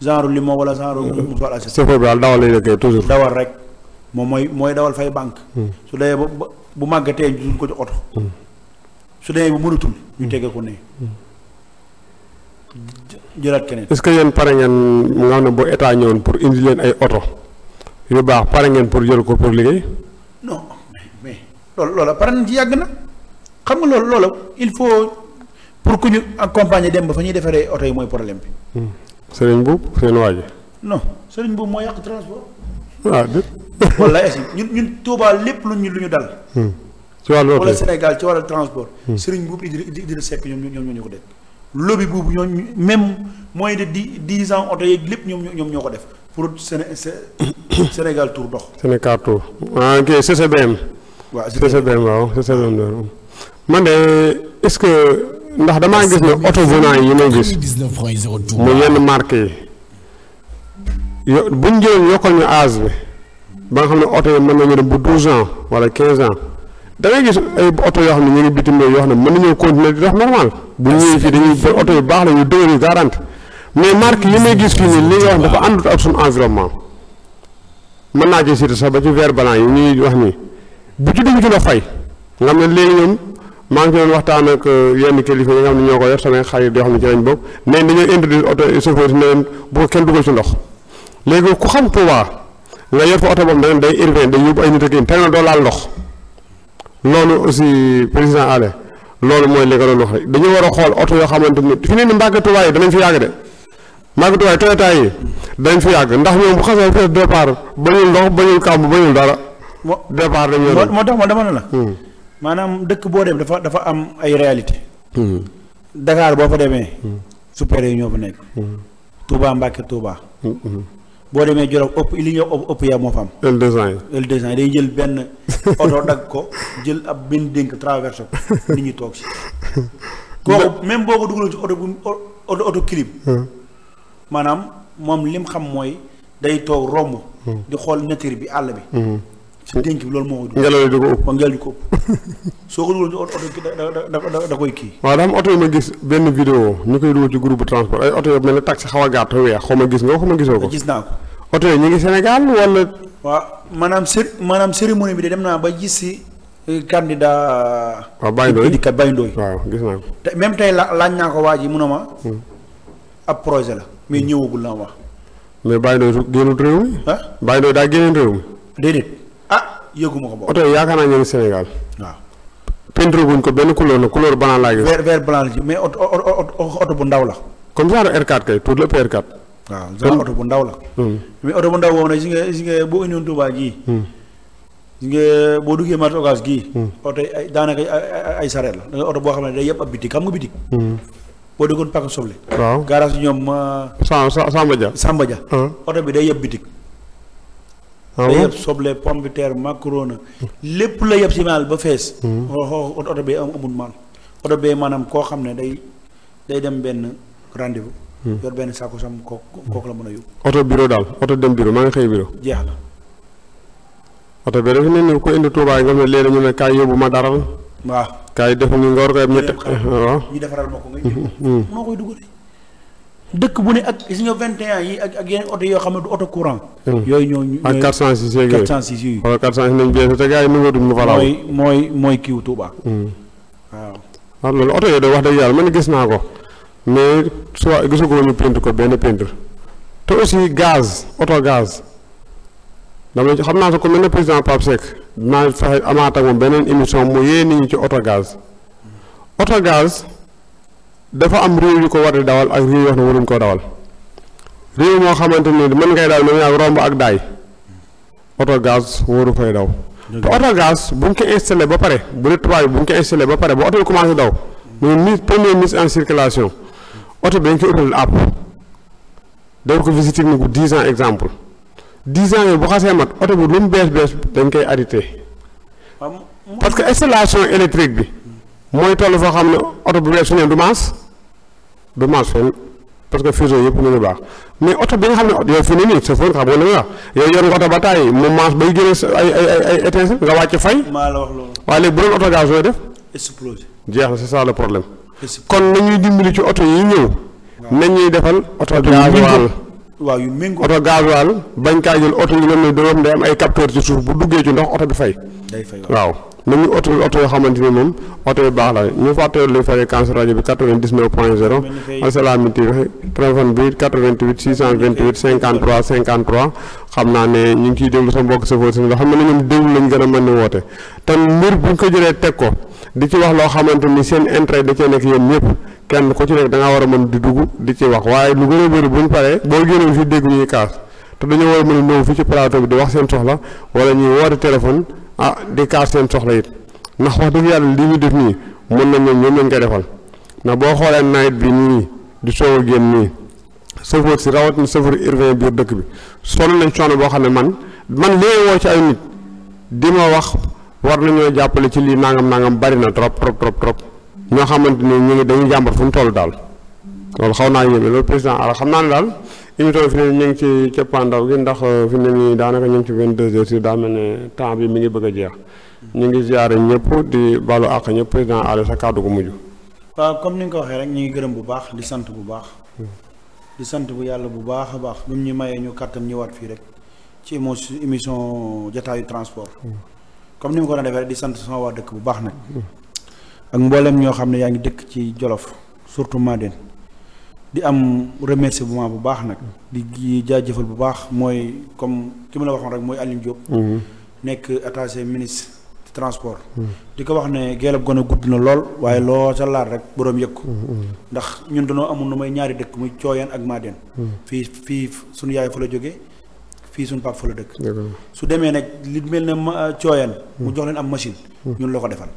S2: genre limo wala genre. mu soxla si. chauffeur
S1: bi daal dawal lay nekkee toujours. dawal
S2: rek. moom mooy mooy dawal fay banque. Hmm. su dee ba bu màggatee ñu ko ci oto.
S3: Hmm.
S1: su dee bu mënatul
S2: ñu hmm. tege ko ne.
S1: jëlaat keneen. est-ce que yéen pare ngeen nga xam ne bu état ñëwoon pour indi leen ay oto yu baax pare ngeen pour jël ko pour liggéey.
S2: no mais loolu loola pare nañ ci yàgg na xam nga loolu loola il faut pour ku ñu accompagner dem ba fa ñuy defaree oto yi mooy problème
S1: bi. sëriñ boobu seen waa ji.
S2: sëriñ boobu mooy yàq transport.
S1: waaw dëgg. wala
S2: est ñun ñun Touba lépp ñu lu ñu dal.
S3: Hmm. ci wàllu wala
S2: Sénégal ci wàllu transport. Hmm. Serigne boobu Idrissa Seck ñoom ñoom ñoo ñu ko def. lobby boobu ñooñu même moins de dix dix ans oto lépp ñoom ñoom ñoo ko def pour Séné Sénégal Tour dox.
S1: Sénégal Tour ah ok CCBM. waaw CCBM man de est-ce que ndax damaa gis ne oto volant yi ma gis.
S2: mu yenn marque
S1: yi. yo buñ jëloon yokkal ñu âge bi ba nga xam ne oto yi mën nañu dem bu douze ans wala quinze ans da ngay gis ay oto yoo xam ne ñu ngi bitim réew yoo xam ne mën nañoo continuer di dox normal bu oto yu baax la ñu dëgër yu garanti mais yi may gis fii ni li nga wax dafa àndut ak suñu environnement mën naa ci cité sax ba ci vert blanc yi ñuy wax nii bu ci dugg ci la fay nga xam ne léegi ñoom maa ngi ci doon waxtaan ak euh, yenn kilifa yi nga xam ne ñoo ko yor samay xarit yoo xam ne ci lañ bokk mais dañoo introduire oto chauffeur ne leen bu ko kenn ndox léegi ku xam Touba nga yor fa oto boobu da day urbain day yóbbu ay nit ak yéen te doo laal ndox loolu aussi président Allé loolu mooy li nga doon wax dañu war a xool oto yoo xamante ni fi ne ni mbàgg Touba yi danañ fi yàgg de mbàgg Touba yi Toyota yi danañ fi yàgg ndax ñoom bu xasee fees départ bañul ndox bañul
S2: dara. départ dañu yor moo tax ma dama ne la. Hmm. maanaam dëkk boo dem dafa dafa am ay réalité hmm. Dakar boo fa demee. Hmm. ñoo fa nekk. Touba Mbacke Touba. boo demee Jolof ëpp li ñuy ëpp ëpp yaa moo fa am. L200 yi L200 day jël benn oto dagg ko jël ab benn dénk traversé ko nit ñi toog si. kooku même boo ko dugaloon ci oto bu oto oto clip. maanaam moom lim xam mooy day toog romb. di xool nature bi àll bi. ci dénk bi loolu moo ko. ngelaw li da ko ëpp soo ko dugal da koy kii.
S1: waaw oto yi ma gis benn vidéo ñu koy dugal ci groupe transport ay oto a gàtt weex xaw ma gis nga xaw ma gisoo ko. gis naa ko. ñu ngi Sénégal wala. waaw maanaam cér
S2: maanaam cérémonie bi de dem naa ba gis si. Euh, candidat. waaw Baye Ndoye candidat Baye
S1: Ndoye. waaw gis naa
S2: te même tey la laaj naa waa ji mun a ma. Hmm. ab projet la mais ñëwagul naa wax.
S1: mais Baye Ndoye génnut réew mi. ah daa génnoon réew mi. déedéet.
S2: ah yëguma ko
S1: boobu. oto yi yaakaar naa ñu ngi Sénégal. waaw peinture guñ ko benn couleur la couleur
S3: blanc laa gis. vert
S1: vert blanc la mais oto bu ndaw la. comme genre R4 kay tout ndaw
S2: la. Hmm. mais oto bu ndaw boobu nag gis nga gis nga boo indiwoon Touba gii. Hmm. gis nga hmm. da oto boo xam ne yëpp ab bitik xam nga bitik. boo déggoon Paka Soble. waaw garage ñoom. Euh,
S1: Samba Samba Dia.
S2: oto bi day yëpp bitik. ah bon yëpp soble pomme de lépp la yëpp si maal ba fees. xoo hmm. oh, oh, oto bee amul maal oto bee maanaam koo xam ne day day dem benn rendez-vous. Hmm. benn sa sam kooku kooku la mën a yóbbu.
S1: oto bureau daal oto dem bureau maa ngi xëy bureau. jeex na. oto bee dafa ne ni ko indi Touba nga xam ne léegi ñu ne kaay yóbbu ma dara la. waaw kaay defuñu ngor ko ñett. waaw nga. Hmm.
S2: moo koy dugalee. dëkk bu ne ak gis nga 21 yi ak ak yeneen yoo xam ne du oto courant.
S1: Hmm. yooyu ñoo ñooy ak 406 yooyu 406 yooyu. wala 406 nañ bees te gars yi nangootuñ ko fa laaw. mooy
S2: mooy mooy kiiw Touba. Hmm. waaw.
S1: Ah, loolu oto yooyu de wax dëgg yàlla man gis naa ko mais soit gisu ko ñu peintre ko benn peintre te aussi gaz oto gaz dama xam naa ko mel ne président Pape Seck dinaa fexe amaat ak moom beneen émission mu yee nit ci oto gaz oto gaz. dafa am réew yu ko war di dawal ak réew yoo xam ne waruñu koo dawal réew moo xamante ni mën ngay daal mën ngaa romb ak daay oto gaz waru fay daw. te oto gaz bu ñu ko installé ba pare bu dee tubaab bu ñu ko installé ba pare ba oto bi commencé daw. muy mise première mise dañ koy utal àpp. dañ ko visite technique ans exemple 10 ans yooyu bu xasee mat oto bi lu mu bees bees dañ koy arrêté. parce que installation électrique bi. mooy toll foo xam ne oto bu bees su ne du maas. du maas fenn parce que fuseau yëpp mu baax mais oto bi nga xam ne yow fi mu ne nii sa fóon xam nga li ma wax yow yor nga oto ba taay mu maas bay génne ay ay ay étincelle nga wàcc maa la wax loolu. waaye léegi bu doon oto gaz looy def. explose. jeex na c'est ça le problème. kon dimbali ci oto yi ñëw. nañuy defal oto gasoil waaw yu méngoo oto gasoil bañ kaa jël oto yi nga ne doon day am ay capteur ci suuf bu duggee ci ndox oto bi fay. day fay waaw. nañu oto oto yoo xamante ni moom oto yu baax la ñu fàtte lu fréquence rajo bi 99 point 0 asalaamaaleykum téléphone bi 88 628 53 53 xam naa ne ñu ngi ciy déglu sa mbokk sa foofu nga xam ne ñoom déglu lañ gën a mën a woote te mbir bu ko jëlee teg ko di ci wax loo xamante ni seen intérêt de cee nekk yéen ñëpp kenn ku ci nekk da ngaa war a mën di dugg di ci wax waaye lu gën a bëri bu boo génnoon fii dégg ñuy te dañoo war a mën a fii ci plateau bi di wax seen soxla wala ñuy woote téléphone ah di kaar seen soxla it ndax wax dëgg yàlla li ñu def nii mën na ñoom ñoom lañ koy defal ndax boo xoolee nawet bi nii di soog a génn nii chauffeur si rawatina chauffeur urbain biir dëkk bi sonn nañ coono boo xam ne man man li woo ci ay nit di ma wax war nañoo jàppale ci lii nangam nangam bari na trop trop trop trop ñoo xamante ni ñu ngi dañuy jàmbat fu mu toll daal loolu xaw naa président xam naa daal émission fi ne ñu ngi ci cappaandaw gi ndax euh, fi ne nii daanaka ñu ngi ci 22 heures si daa mel ne temps bi mi ngi bëgg a jeex ñu ngi ziare ñëpp di balu àq ñëpp président Allé sa kàddu gu mujj.
S2: comme ni nga ko waxee rek ñu ngi gërëm bu baax di sant bu baax. Hmm. di sant bu yàlla bu baax a baax bu ñu mayee ñu kàttan ñëwaat fii rek ci émission jataayu transport. Hmm. comme ni ma ko doon defee rek di sant sama waa dëkk bu baax nag. Hmm. ak mboolem ñoo xam ne yaa ngi dëkk ci Jolof surtout Madène. di am remerciement bu baax nag di jaajëfal bu baax mooy comme ki mu la waxoon rek mooy Alioune Diop mhm. nekk attaché ministre du transport mhm. di ko wax ne geelab gone gudd na lool waaye loo sa laat rek boroom yëg mhm. ndax ñun dañoo amul nu may ñaari dëkk muy cooyaan ak Maadeen fii fii suñu yaay fa la jógee fii suñu pap fa la dëkk su demee nag li mel ne cooyaan euh, mu jox leen am machine ñun loo ko defal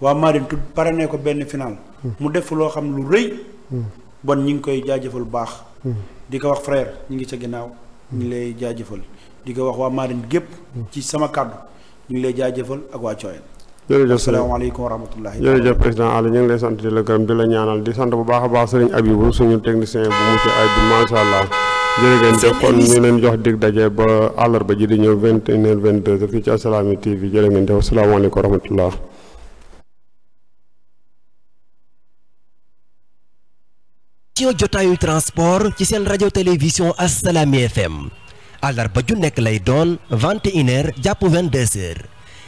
S2: waa Maadeen tu pare ne ko benn final mu def loo xam lu rëy bon ñi ngi koy jaajëfal bu baax. Hmm. di ko wax frère ñu ngi ca ginnaaw. ñu ngi lay jaajëfal di ko wax waa Marine gépp hmm. ci sama kàddu ñu ngi lay jaajëfal ak waa Cooyeen.
S1: jërëjëf salaamaaleykum wa rahmatullahi jërëjëf président ngi lay sant di la sant bu baax a baax sëriñ Abibou suñu technicien bu mucc ay bi macha allah jërëgeen jëf kon ñu leen jox dig daje ba àllarba ji di ñëw vingt et une heure vingt deux heures fii ci Assalaamy TV jërë ngeen jëf asalaamaaleykum wa rahmatullah
S2: ci jotaayu transport ci seen rajo télévision Assalaamy FM àllarba ju nekk lay doon vingt et jàpp vingt-deux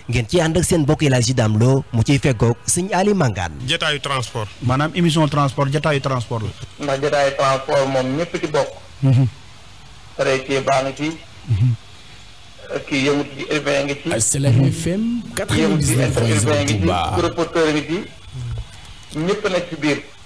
S2: ngeen ci ànd ak seen bokk El Hadji Dame Lo mu ciy feggoog sëñ Ali Mangane.
S1: jotaayu transport.
S2: maanaam émission transport jotaayu transport
S1: la. ndax moom ñëpp ci bokk. traité mhm. ci. Mhm. kii yëngu ci
S2: ngi
S3: ci. Assalaamy FM. ci interurbain biir.